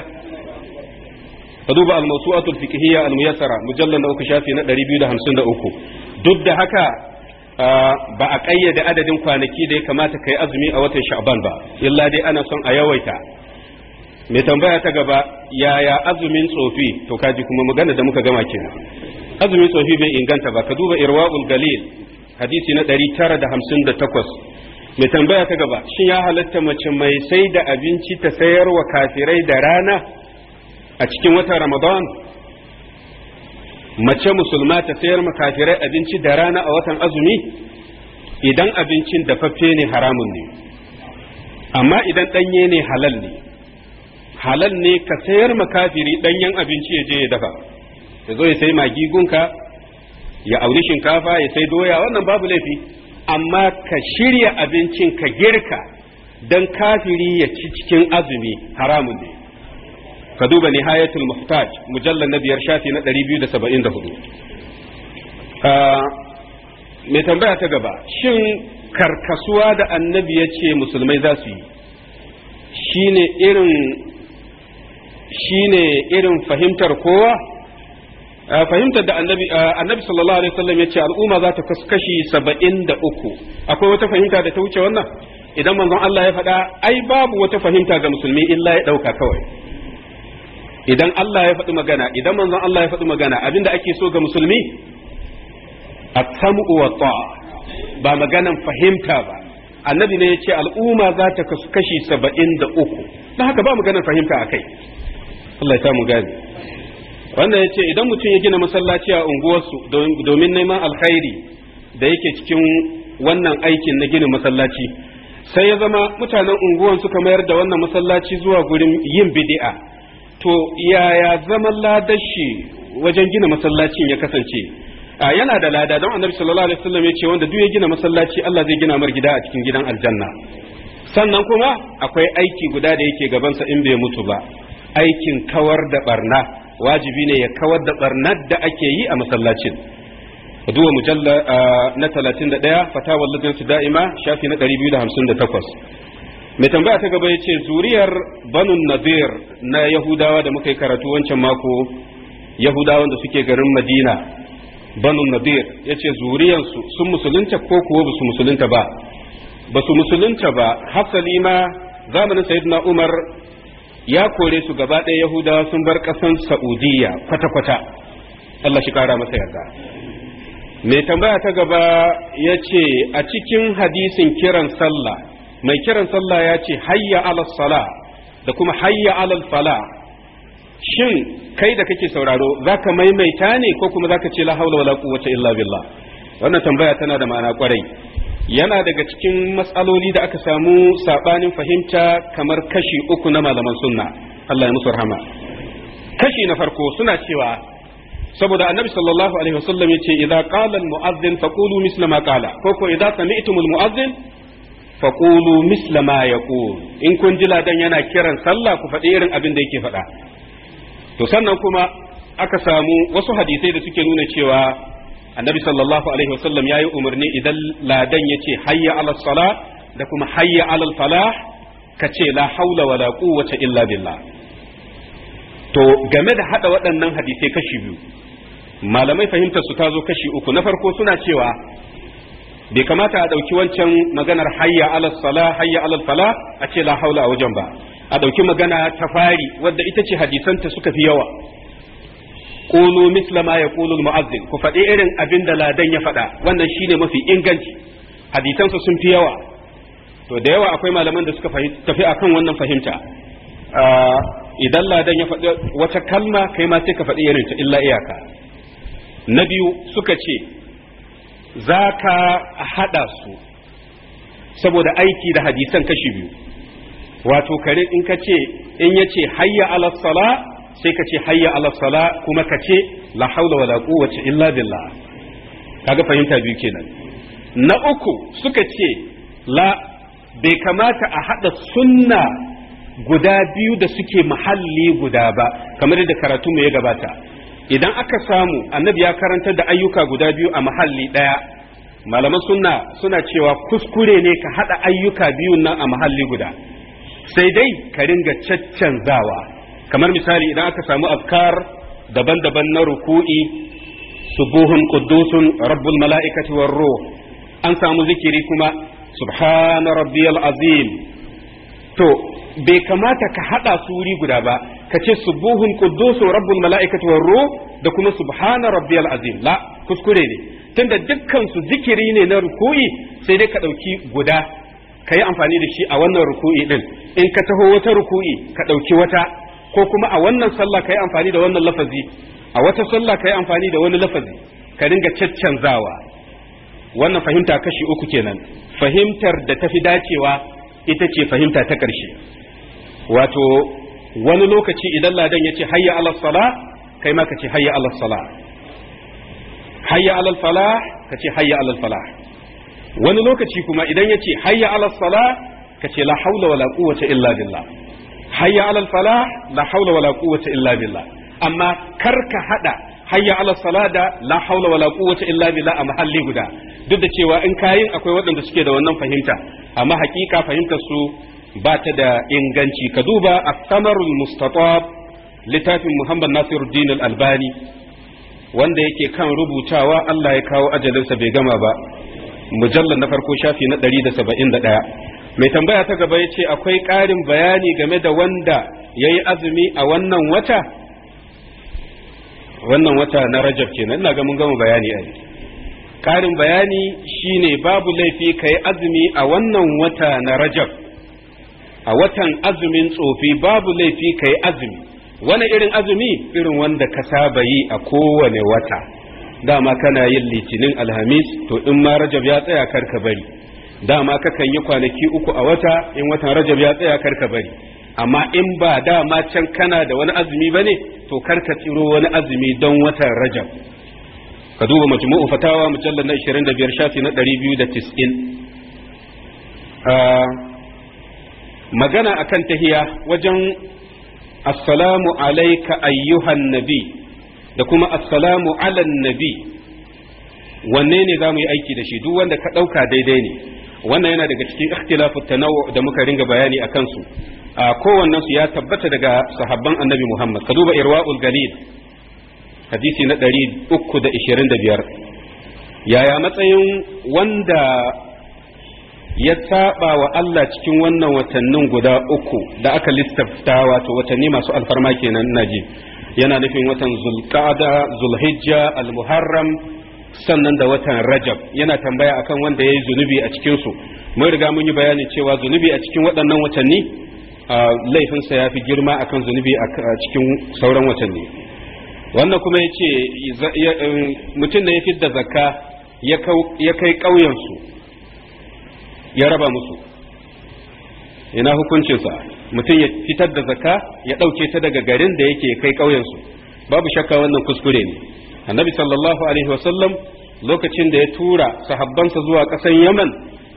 ka duba al-mawsu'atul مجلد al-muyassara mujallal uku shafi na 253 duk da haka ba a kayyade adadin kwanaki da ya kamata kai azumi a watan sha'ban ba illa dai ana son a yawaita mai tambaya ta gaba yaya azumin tsofi to kaji kuma magana da muka gama kenan azumin tsofi bai inganta ba ka galil hadisi na mai tambaya ta gaba shin ya halatta mace mai sai da abinci ta sayar wa kafirai da rana a cikin watan ramadan mace musulma ta sayar makafirai abinci da rana a watan azumi idan abincin dafaffe ne haramun ne amma idan ɗanye ne halal ne halal ne ka sayar makafiri ɗanyen abinci ya je ya dafa ya zo ya sai magi gunka ya auri shinkafa ya sai doya wannan babu laifi amma ka shirya abincin ka girka don kafiri ya ci cikin azumi haramun ne ka duba nihayatul muhtaj mujallal na biyar shafi na 274 ah, mai tambaya ta gaba shin karkasuwa da annabi ya ce musulmai za su yi shine irin shine irin fahimtar kowa ah, fahimtar da annabi ah, annabi sallallahu alaihi wasallam ya ce al'umma za ta kashi saba'in da uku akwai wata fahimta da ta wuce wannan idan manzon Allah ya faɗa ai babu wata fahimta ga musulmi illa ya ɗauka kawai idan Allah ya faɗi magana idan manzon Allah ya faɗi magana abinda ake so ga musulmi at-sam'u wa ta'a ba maganan fahimta ba annabi ne yace ce al'umma za ta kasu kashi saba'in da haka ba maganan fahimta akai. Allah ya mu gani wannan ya ce idan mutum ya gina masallaci a unguwarsu domin neman alkhairi da yake cikin wannan aikin na ginin masallaci sai ya zama mutanen unguwar suka mayar da wannan masallaci zuwa gurin yin bid'a to yaya zaman ladashi wajen gina masallacin ya kasance a yana da lada don annabi sallallahu alaihi wasallam ya ce wanda duk ya gina masallaci Allah zai gina mar gida a cikin gidan aljanna sannan kuma akwai aiki guda da yake gabansa in bai mutu ba aikin kawar da barna wajibi ne ya kawar da barnar da ake yi a masallacin duwa mujalla na 31 fatawar su da'ima shafi na 258 mai tambaya ta gaba ya ce zuriyar banun nadir na yahudawa da muka yi karatu wancan mako yahudawan da suke garin madina banun nadir ya ce zuriyarsu sun musulunta ko kuwa ba su musulunta ba ba su musulunta ba hasali ma zamanin sayyidina umar ya kore su gaba ɗaya yahudawa sun bar ƙasan Sa'udiyya kwata-kwata allah shi kara masa yarda mai tambaya ta gaba ya ce a cikin hadisin kiran sallah mai kiran sallah ya ce hayya alasala sala da kuma hayya alal fala shin kai da kake sauraro zaka maimaita ne ko kuma zaka ce la haula wala quwwata illa billah wannan tambaya tana da ma'ana kwarai yana daga cikin matsaloli da aka samu sabanin fahimta kamar kashi uku na malaman sunna Allah ya musu rahama kashi na farko suna cewa saboda annabi sallallahu alaihi wasallam yace idza qala al mu'adhdhin faqulu misla ma qala koko ko idza sami'tum mu'adhdhin faqulu misla ma yaqul in kun ji ladan yana kiran sallah ku faɗi irin abin da yake faɗa to sannan kuma aka samu wasu hadisai da suke nuna cewa annabi sallallahu alaihi wasallam yayi umarni idan ladan yace hayya ala sala da kuma hayya ala falah kace la haula wala quwwata illa billah to game da hada waɗannan hadisai kashi biyu malamai fahimtar su ta zo kashi uku na farko suna cewa bai kamata a ɗauki wancan maganar hayya alal sala hayya alal fala a ce la haula a wajen ba a ɗauki magana ta fari wadda ita ce hadisanta suka fi yawa qulu misla ma yaqulu muazzin ku faɗi irin abin da ladan ya faɗa wannan shine mafi inganci hadisansa sun fi yawa to da yawa akwai malaman da suka tafi akan wannan fahimta idan ladan ya faɗi wata kalma kai ma sai ka faɗi irin ta illa iyaka na biyu suka ce za ka haɗa su saboda aiki da hadisan kashi biyu wato kare in ka ce in ya ce hayya alasala sai ka ce hayya alasala kuma ka ce la haula wala quwwata illa billah kaga fahimta biyu kenan na uku suka ce la bai kamata a haɗa sunna guda biyu da suke mahalli guda ba kamar yadda karatu mai ya gabata idan aka samu annabi ya karantar da ayyuka guda biyu a mahalli ɗaya malaman sunna suna cewa kuskure ne ka haɗa ayyuka biyun nan a mahalli guda sai dai ka ringa caccanzawa kamar misali idan aka samu afkar daban-daban na ruku'i subuhun quddusun rabbul mala'ikati war ruh an samu zikiri kuma subhana rabbiyal azim to bai kamata ka haɗa su wuri guda ba ka ce subuhun quddusu rabbul mala'ikati war ruh da kuma subhana rabbiyal azim la kuskure ne tunda dukkan su zikiri ne na ruku'i sai dai ka dauki guda ka yi amfani da shi a wannan ruku'i din in ka taho wata ruku'i ka dauki wata ko kuma a wannan sallah ka yi amfani da wannan lafazi a wata sallah ka yi amfani da wani lafazi ka dinga caccanzawa wannan fahimta kashi uku kenan fahimtar da tafi dacewa ita ce fahimta ta ƙarshe wato wani lokaci idan ladan ya ce hayya alal sala kai ma ka ce hayya alal sala hayya alal fala ka ce hayya alal fala wani lokaci kuma idan ya ce hayya alal sala ka ce la haula wala quwwata illa billah hayya alal Sala, la haula wala quwwata illa billah amma kar ka hada hayya Sala da la haula wala quwwata illa billah a mahalli guda duk da cewa in kayin akwai waɗanda suke da wannan fahimta amma hakika fahimtar su ba ta da inganci ka duba as-samarul mustatab littafin Muhammad Nasiruddin al-Albani wanda yake kan rubutawa Allah ya kawo ajalinsa bai gama ba mujallar na farko shafi na 171 mai tambaya ta gaba ya ce akwai ƙarin bayani game da wanda ya yi azumi a wannan wata wannan wata na rajab kenan ina ga mun gama bayani a ƙarin bayani shine babu laifi ka yi azumi a wannan wata na rajab a watan azumin tsofi babu laifi ka yi azumi wani irin azumi irin wanda ka saba yi a kowane wata dama kana yin litinin alhamis to in ma rajab ya tsaya karka bari dama kakan yi kwanaki uku a wata in watan rajab ya tsaya karka bari amma in ba dama can kana da wani azumi ba ne to karka tsiro wani azumi don watan rajab ka duba majmu'u fatawa mujallal na 25 shafi na 290 magana akan tahiya wajen assalamu alaika ayyuhan nabi da kuma assalamu alan nabi wanne ne za mu yi aiki da shi duk wanda ka ɗauka daidai ne wannan yana daga cikin ikhtilafu tanawu da muka ringa bayani a kansu a kowannen su ya tabbata daga sahabban annabi muhammad ka duba irwa'ul galil hadisi na 325 yaya matsayin wanda ya saba wa Allah cikin wannan watannin guda uku da aka listafta wato watanni masu alfarma kenan naji yana nufin watan zulqa'da zulhijja almuharram sannan da watan rajab yana tambaya akan wanda ya yi zunubi a cikin su mun riga mun yi bayani cewa zunubi a cikin waɗannan watanni laifinsa ya fi girma akan zunubi a cikin sauran watanni wannan kuma ya ce um, mutum da ya fidda zakka ya kai ƙauyensu ya raba musu ina hukuncinsa mutum ya fitar da zakka ya ɗauke ta daga garin da yake kai ƙauyensu babu shakka wannan kuskure ne annabi sallallahu alaihi wasallam lokacin da ya tura sahabbansa zuwa ƙasan yaman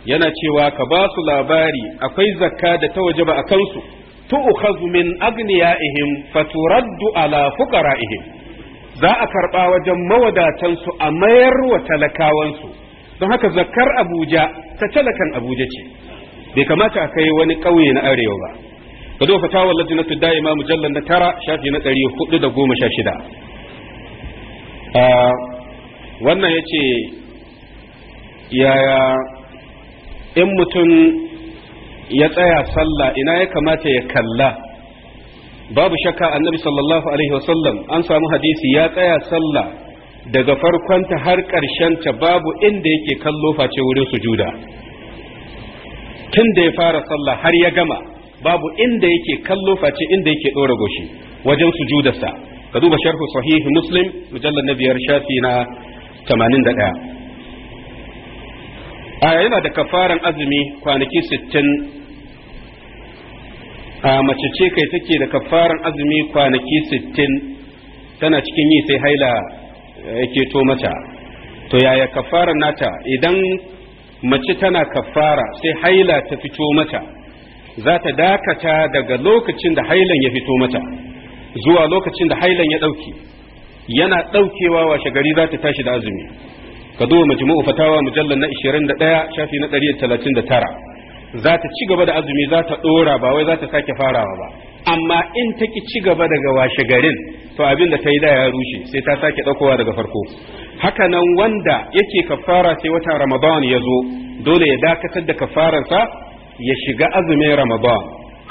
yana cewa ka ba su labari akwai zakka da ta wajaba a kansu tu'khadhu min agniyaihim turaddu ala fuqara'ihim za a karba wajen mawadatansu a mayar wa talakawansu don haka zakkar Abuja ta talakan abuja ce bai kamata a kai wani ƙauye na arewa ba ka zo fatawa lajinatu da'ima mujallar na tara shafi na ɗari hudu da goma sha shida wannan ya ce yaya in mutum ya tsaya sallah ina ya kamata ya kalla babu shakka annabi sallallahu alaihi wasallam an samu hadisi ya tsaya sallah daga farkonta har ta babu inda yake kallo face wurin sujuda tun da ya fara sallah har ya gama babu inda yake kallo face inda yake ɗora goshi wajen sujudarsa ka duba sharhu sahih muslim mujallar na biyar shafi na 81 a yana da kafaran azumi kwanaki 60 a mace ce kai take da kafaran azumi kwanaki 60 tana cikin yi sai haila ya keto mata to yaya kafara nata idan mace tana kafara sai haila ta fito mata za ta dakata daga lokacin da hailan ya fito mata zuwa lokacin da hailan ya ɗauke yana ɗaukewa washe gari za ta tashi da azumi ka duba majmu'u fatawa mujallar na 21 shafi na 139 za ta ci gaba da azumi za ta ɗora ba wai za ta sake farawa ba amma in ta ki ci gaba daga washe garin to abin da ta yi da ya rushe sai ta sake ɗaukowa daga farko haka nan wanda yake kafara sai watan ramadan ya zo dole ya dakatar da kafararsa ya shiga azumin ramadan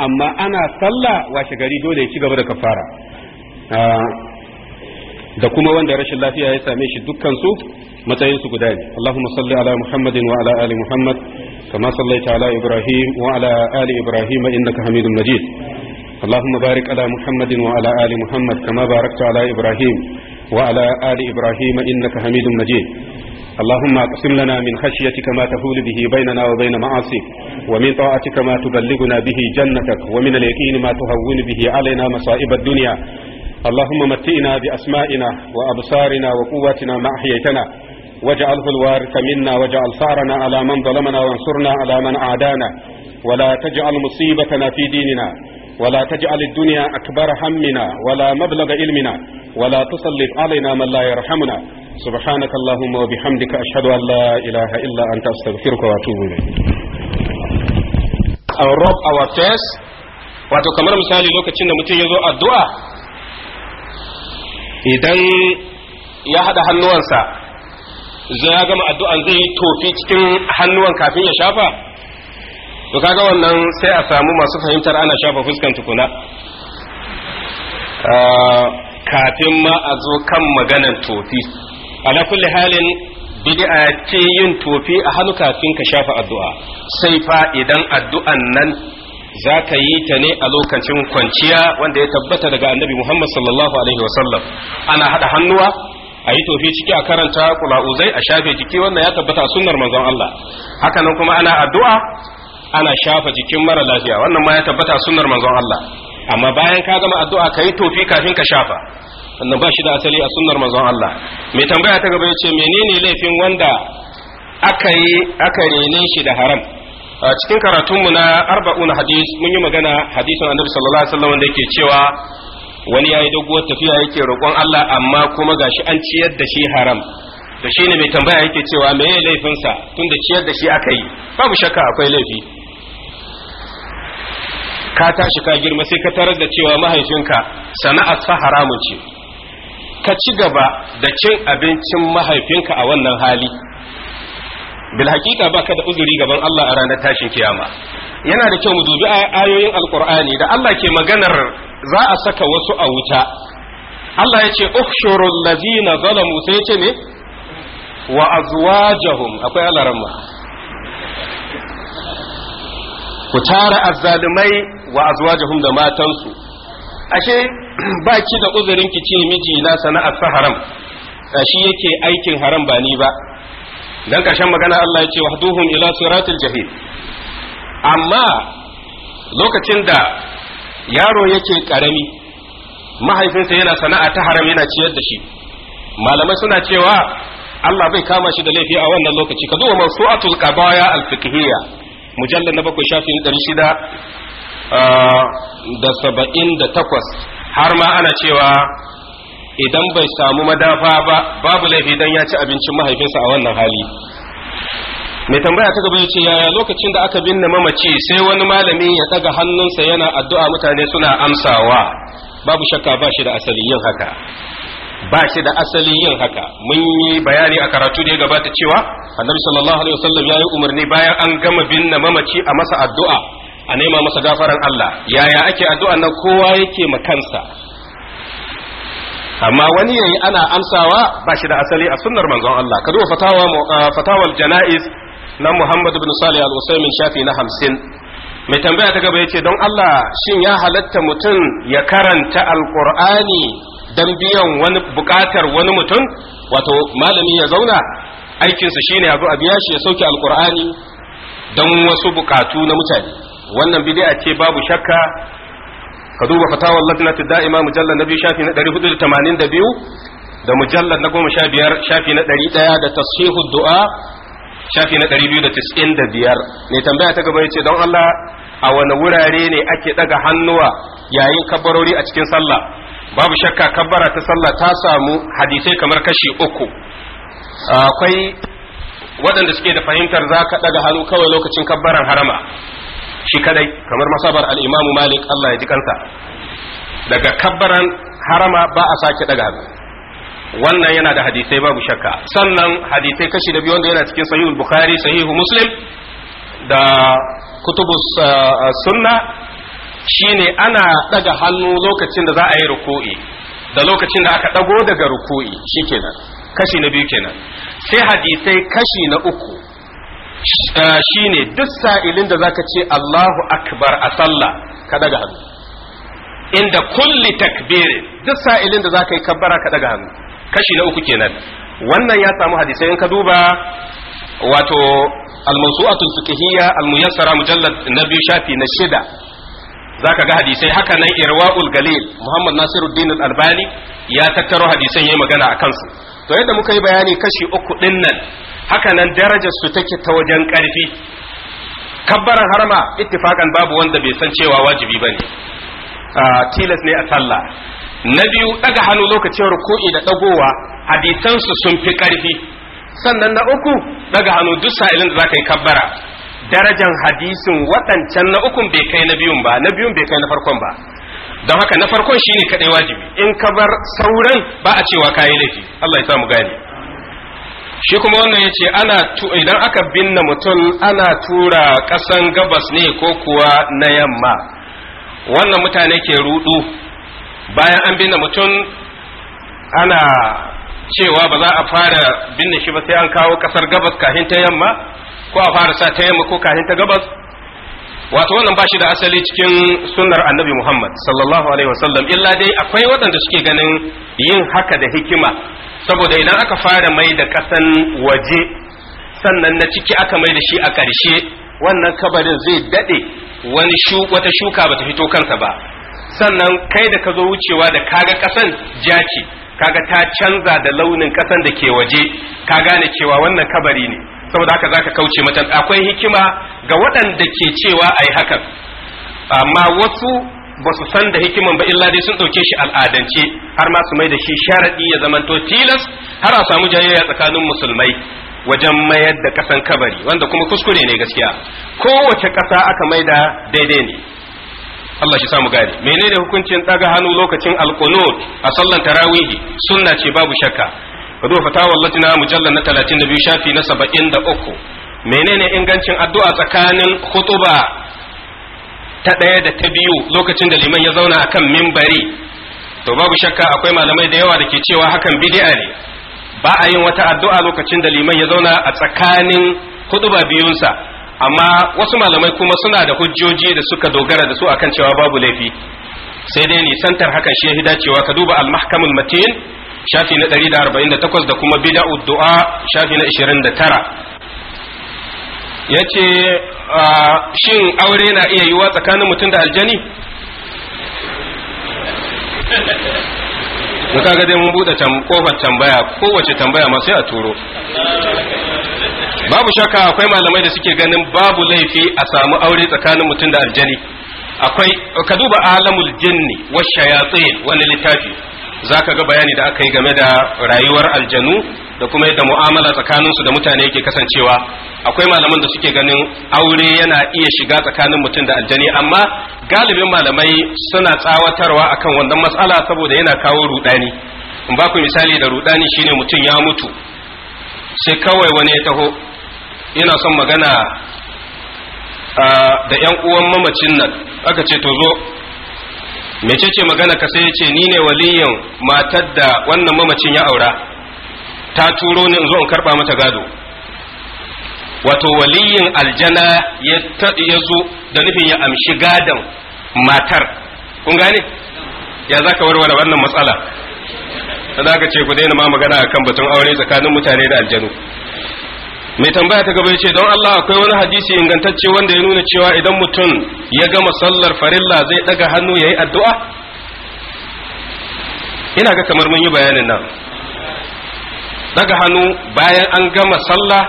amma ana sallah washe gari dole ya ci gaba da kafara ah, da kuma wanda rashin lafiya ya same shi dukkan su matsayin su guda ne Allahumma salli ala Muhammadin wa ala ali Muhammad kama sallaita ala Ibrahim wa ala ali Ibrahim innaka Hamidum Majid اللهم بارك على محمد وعلى آل محمد كما باركت على إبراهيم وعلى آل إبراهيم إنك حميد مجيد اللهم اقسم لنا من خشيتك ما تحول به بيننا وبين معاصيك ومن طاعتك ما تبلغنا به جنتك ومن اليقين ما تهون به علينا مصائب الدنيا اللهم متئنا بأسمائنا وأبصارنا وقواتنا ما أحييتنا واجعله الوارث منا واجعل صارنا على من ظلمنا وانصرنا على من عادانا ولا تجعل مصيبتنا في ديننا ولا تجعل الدنيا أكبر همنا ولا مبلغ علمنا ولا تسلط علينا من لا يرحمنا سبحانك اللهم وبحمدك أشهد أن لا إله إلا أنت أستغفرك وأتوب إليك Our rub our face wato kamar misali lokacin da mutum ya zo addu'a idan ya haɗa hannuwansa zai ya gama addu'an zai yi tofi cikin hannuwan kafin ya shafa to kaga wannan sai a samu masu fahimtar ana shafa fuskan tukuna ah, kafin ma a zo kan maganan tofi ala kulli halin bid'a ce yin tofi a hannu kafin ka shafa addu'a sai fa idan addu'an nan za ka yi ta ne a lokacin kwanciya wanda ya tabbata daga annabi Muhammad sallallahu alaihi wasallam ana hada hannuwa a yi tofi ciki a karanta kula'uzai a shafe jiki wannan ya tabbata a sunnar manzon Allah haka nan kuma ana addu'a ana shafa jikin mara lafiya wannan ma ya tabbata sunnar manzon Allah amma bayan ka gama addu'a kai tofi kafin ka shafa wannan ba shi da asali a sunnar manzon Allah mai tambaya ta gaba yace menene laifin wanda aka yi aka rene shi da haram a cikin karatunmu na 40 hadis mun yi magana hadisin annabi sallallahu alaihi wasallam da yake cewa wani yayi doguwar tafiya yake roƙon Allah amma kuma gashi an ciyar da shi haram to shine mai tambaya yake cewa meye laifinsa tunda ciyar da shi aka yi babu shakka akwai laifi ka tashi ka girma sai ka tarar da cewa mahaifinka sana'ar sa haramun ce ka ci gaba da cin abincin mahaifinka a wannan hali bil hakika baka da uzuri gaban Allah a ranar tashin kiyama yana da kyau mu dubi ayoyin alqur'ani da Allah ke maganar za a saka wasu a wuta Allah ya ce ukhshurul ladina zalamu sai ce ne wa azwajahum akwai alaramma ku tara azzalumai wa azwajuhum da matansu ashe baki da uzurin ki ce miji na sana'ar ta haram shi yake aikin haram ba ni ba dan ƙarshen magana Allah ya ce wahduhum ila siratil jahim amma lokacin da yaro yake karami mahaifinsa yana sana'a ta haram yana ciyar da shi malamai suna cewa Allah bai kama shi da laifi a wannan lokaci ka duba mawsu'atul qabaya al-fiqhiyya mujallar na bakwai shafi na ɗari shida ah, da saba'in da takwas har ma ana cewa idan bai samu madafa ba babu laifi idan ya ci abincin mahaifinsa a wannan hali mai tambaya ta gaba ce yaya lokacin da aka binne mamaci sai wani malami ya daga hannunsa yana addu'a mutane suna amsawa babu shakka ba shi da asali yin haka ba shi da asalin yin haka mun yi bayani a karatu da ya gabata cewa annabi sallallahu alaihi wasallam ya yi umarni bayan an gama binne mamaci a masa addu'a a nema masa gafaran Allah yaya ake addu'a nan kowa yake ma kansa amma wani yayi ana amsawa ba shi da asali a sunnar manzon Allah ka duba fatawa fatawal janaiz na Muhammad ibn Salih al-Usaymin shafi na 50 mai tambaya ta gaba yace don Allah shin ya halatta mutum ya karanta alqur'ani dan biyan wani bukatar wani mutum wato malami ya zauna aikinsa shine ya zo a biya shi ya sauke alkur'ani don wasu bukatu na mutane wannan bid'a ce babu shakka ka duba fatawar lajnati da'ima mujallar na biyu shafi na 482 da mujallar na goma sha biyar shafi na 100 da tashihu du'a shafi na 295 ne tambaya ta gaba yace don Allah a wani wurare ne ake daga hannuwa yayin kabarori a cikin sallah babu shakka kabbara ta sallah ta samu hadisai kamar kashi uku akwai waɗanda suke da fahimtar za ka ɗaga hannu kawai lokacin kabbaran harama shi kadai kamar masabar al'imamu malik Allah ya ji kansa daga kabbaran harama ba a sake ɗaga hannu wannan yana da hadisai babu shakka sannan hadisai kashi da biyu wanda yana cikin sahihul bukhari sahihu muslim da kutubus eh, eh, sunna shine ana daga hannu lokacin da za a yi ruku'i da lokacin da aka dago daga ruku'i shikenan kashi na biyu kenan sai hadisai kashi na uku eh, shine duk sa'ilin da zaka ce Allahu akbar a sallah ka daga hannu inda kulli takbirin duk sa'ilin da zaka yi kabbara ka daga hannu kashi na uku kenan wannan ya samu hadisai in ka duba wato al al fiqhiyya al-muyassara mujallad na biyu shafi na shida zaka ga hadisai haka nan irwaul galil muhammad nasiruddin al-albani ya tattaro hadisan yi magana a kansu. to yadda muka yi bayani kashi uku din nan haka nan darajar su take ta wajen karfi kabbaran harama ittifakan babu wanda bai san cewa wajibi bane ah, tilas ne a sallah na biyu daga hannu lokacin ruku'i da dagowa hadisan su sun fi karfi sannan na uku daga hannu duk sa'ilin da zaka yi kabbara darajan hadisin waɗancan na ukun bai kai na biyun ba na biyun bai kai na farkon ba don haka na farkon shine kadai wajibi in ka bar sauran ba a cewa kayi laifi Allah ya mu gane shi kuma wannan ya ce ana idan aka binne mutum ana tura ƙasan gabas ne ko kuwa na yamma wannan mutane ke rudu bayan an binne mutum ana cewa ba za a fara binne shi ba sai an kawo ƙasar gabas kahin ta yamma ko a fara sa ta yamma ko kafin ta gabas wato wannan shi da asali cikin sunnar annabi Muhammad sallallahu alaihi wasallam illa dai akwai waɗanda suke ganin yin haka da hikima saboda idan aka fara mai da kasan waje sannan na ciki aka mai da shi a ƙarshe wannan kabarin zai daɗe wani wata shuka bata fito kansa ba sannan kai da ka zo wucewa da kaga kasan jaci kaga ta canza da launin ƙasan da ke waje ka gane cewa wannan kabari ne saboda haka zaka kauce mata akwai hikima ga waɗanda ke cewa ai hakan amma wasu ba su san da hikiman ba illa dai sun ɗauke shi al'adance har ma su mai da shi sharaɗi ya zamanto tilas har a samu jayayya tsakanin musulmai wajen mayar da kasan kabari wanda kuma kuskure ne gaskiya kowace ƙasa aka mai da daidai ne Allah shi samu gane menene hukuncin daga hannu lokacin alqunut a sallan tarawihi sunna ce babu shakka ka fatawar fatawa latina mujallar na 32 shafi na 73 menene ingancin addu'a tsakanin khutuba ta ɗaya da ta biyu lokacin da liman ya zauna akan mimbari to babu shakka akwai malamai da yawa da ke cewa hakan bid'a ne ba a yin wata addu'a lokacin da liman ya zauna a tsakanin huɗuba biyunsa amma wasu malamai kuma suna da hujjoji da suka dogara da su akan cewa babu laifi sai dai nisantar hakan shi ya cewa ka duba al-mahkamul matin shafi na 148 da kuma bida'ud du'a shafi na 29 yace ah, shin aure na iya yiwa tsakanin mutum da aljani mun kaga dai mun bude kofar tambaya kowace tambaya ma sai a turo babu shaka akwai malamai da suke ganin babu laifi a samu aure tsakanin mutum da aljani akwai ka duba alamul jinni wa shayatsin wani littafi za ka ga bayani da aka yi game da rayuwar aljanu da kuma yadda mu'amala tsakaninsu da mutane yake kasancewa akwai malaman da suke ganin aure yana iya shiga tsakanin mutum da aljani amma galibin malamai suna tsawatarwa akan wannan matsala saboda yana kawo rudani in ba ku misali da rudani shine mutum ya mutu sai kawai wani ya taho yana son magana ah, da yan uwan mamacin nan aka ce to zo ce magana ka sai ya ce ni ne waliyan matar da wannan mamacin ya aura ta turo ni in zo in karba mata gado wato waliyin aljana ya zo da nufin ya amshi gadon matar kun gane ya za warware wannan matsala za ka ce ku daina ma magana akan batun aure tsakanin mutane da aljanu mai tambaya ta gaba ce don Allah akwai wani hadisi ingantacce wanda ya nuna cewa idan mutum ya gama sallar farilla zai daga hannu ya yi addu'a ina ga kamar mun yi bayanin nan daga hannu bayan an gama sallah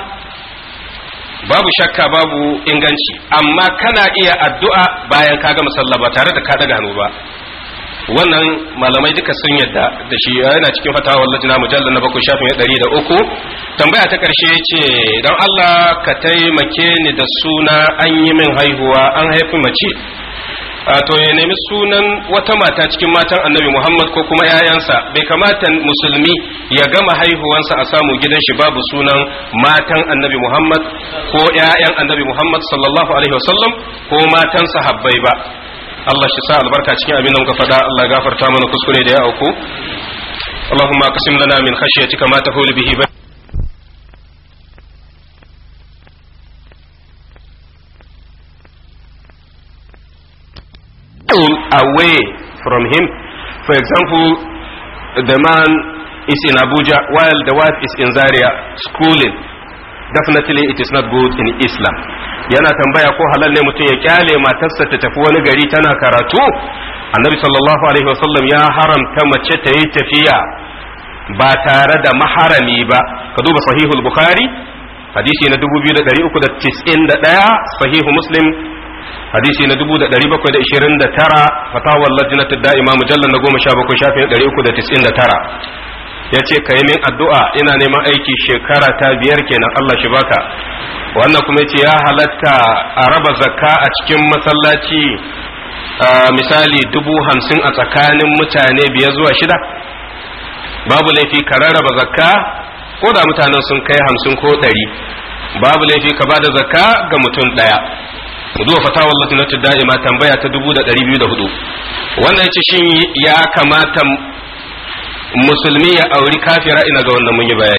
babu shakka babu inganci amma kana iya addu'a bayan ka gama sallah ba tare da ka daga hannu ba wannan malamai duka sun yadda da shi yana cikin fatawar lajina mujallar na bakwai shafin ɗari da uku tambaya ta ƙarshe ce don allah ka taimake ni da suna an yi min haihuwa an haifi mace to ya nemi sunan wata mata cikin matan annabi muhammad ko kuma 'ya'yansa bai kamata musulmi ya gama haihuwansa a samu gidan shi babu sunan matan annabi muhammad ko 'ya'yan annabi muhammad sallallahu alaihi wasallam ko matan sahabbai ba Allah shi sa albarka cikin abin da muka faɗa Allah gafarta mana kuskure da ya auku اللهم اقسم لنا من خشيتك ما تحول به بي. away from him for example the man is in Abuja while the wife is in Zaria schooling definitely it is not good in islam yana tambaya ko halal ne mutum ya kyale matarsa ta tafi wani gari tana karatu annabi sallallahu alaihi wasallam ya haramta mace ta yi tafiya ba tare da maharami ba ka duba sahihul bukhari hadisi na 2391 sahihu muslim hadisi na 1729 fatawar lajinatul da'ima mujallal na 17 shafin 399 ya ce ka yi min addu'a ina neman aiki shekara ta biyar kenan Allah shi baka wannan kuma ya ce ya halatta a raba zakka a cikin masallaci misali dubu hamsin a tsakanin mutane biyar zuwa shida babu laifi ka rarraba zakka ko da mutanen sun kai hamsin ko ɗari babu laifi ka ba da zakka ga mutum ɗaya zuwa fatawar latinatu da'ima tambaya ta dubu da ɗari biyu da hudu wannan ya ce shin ya kamata musulmi ya auri kafira ina ga wannan mun yi bayani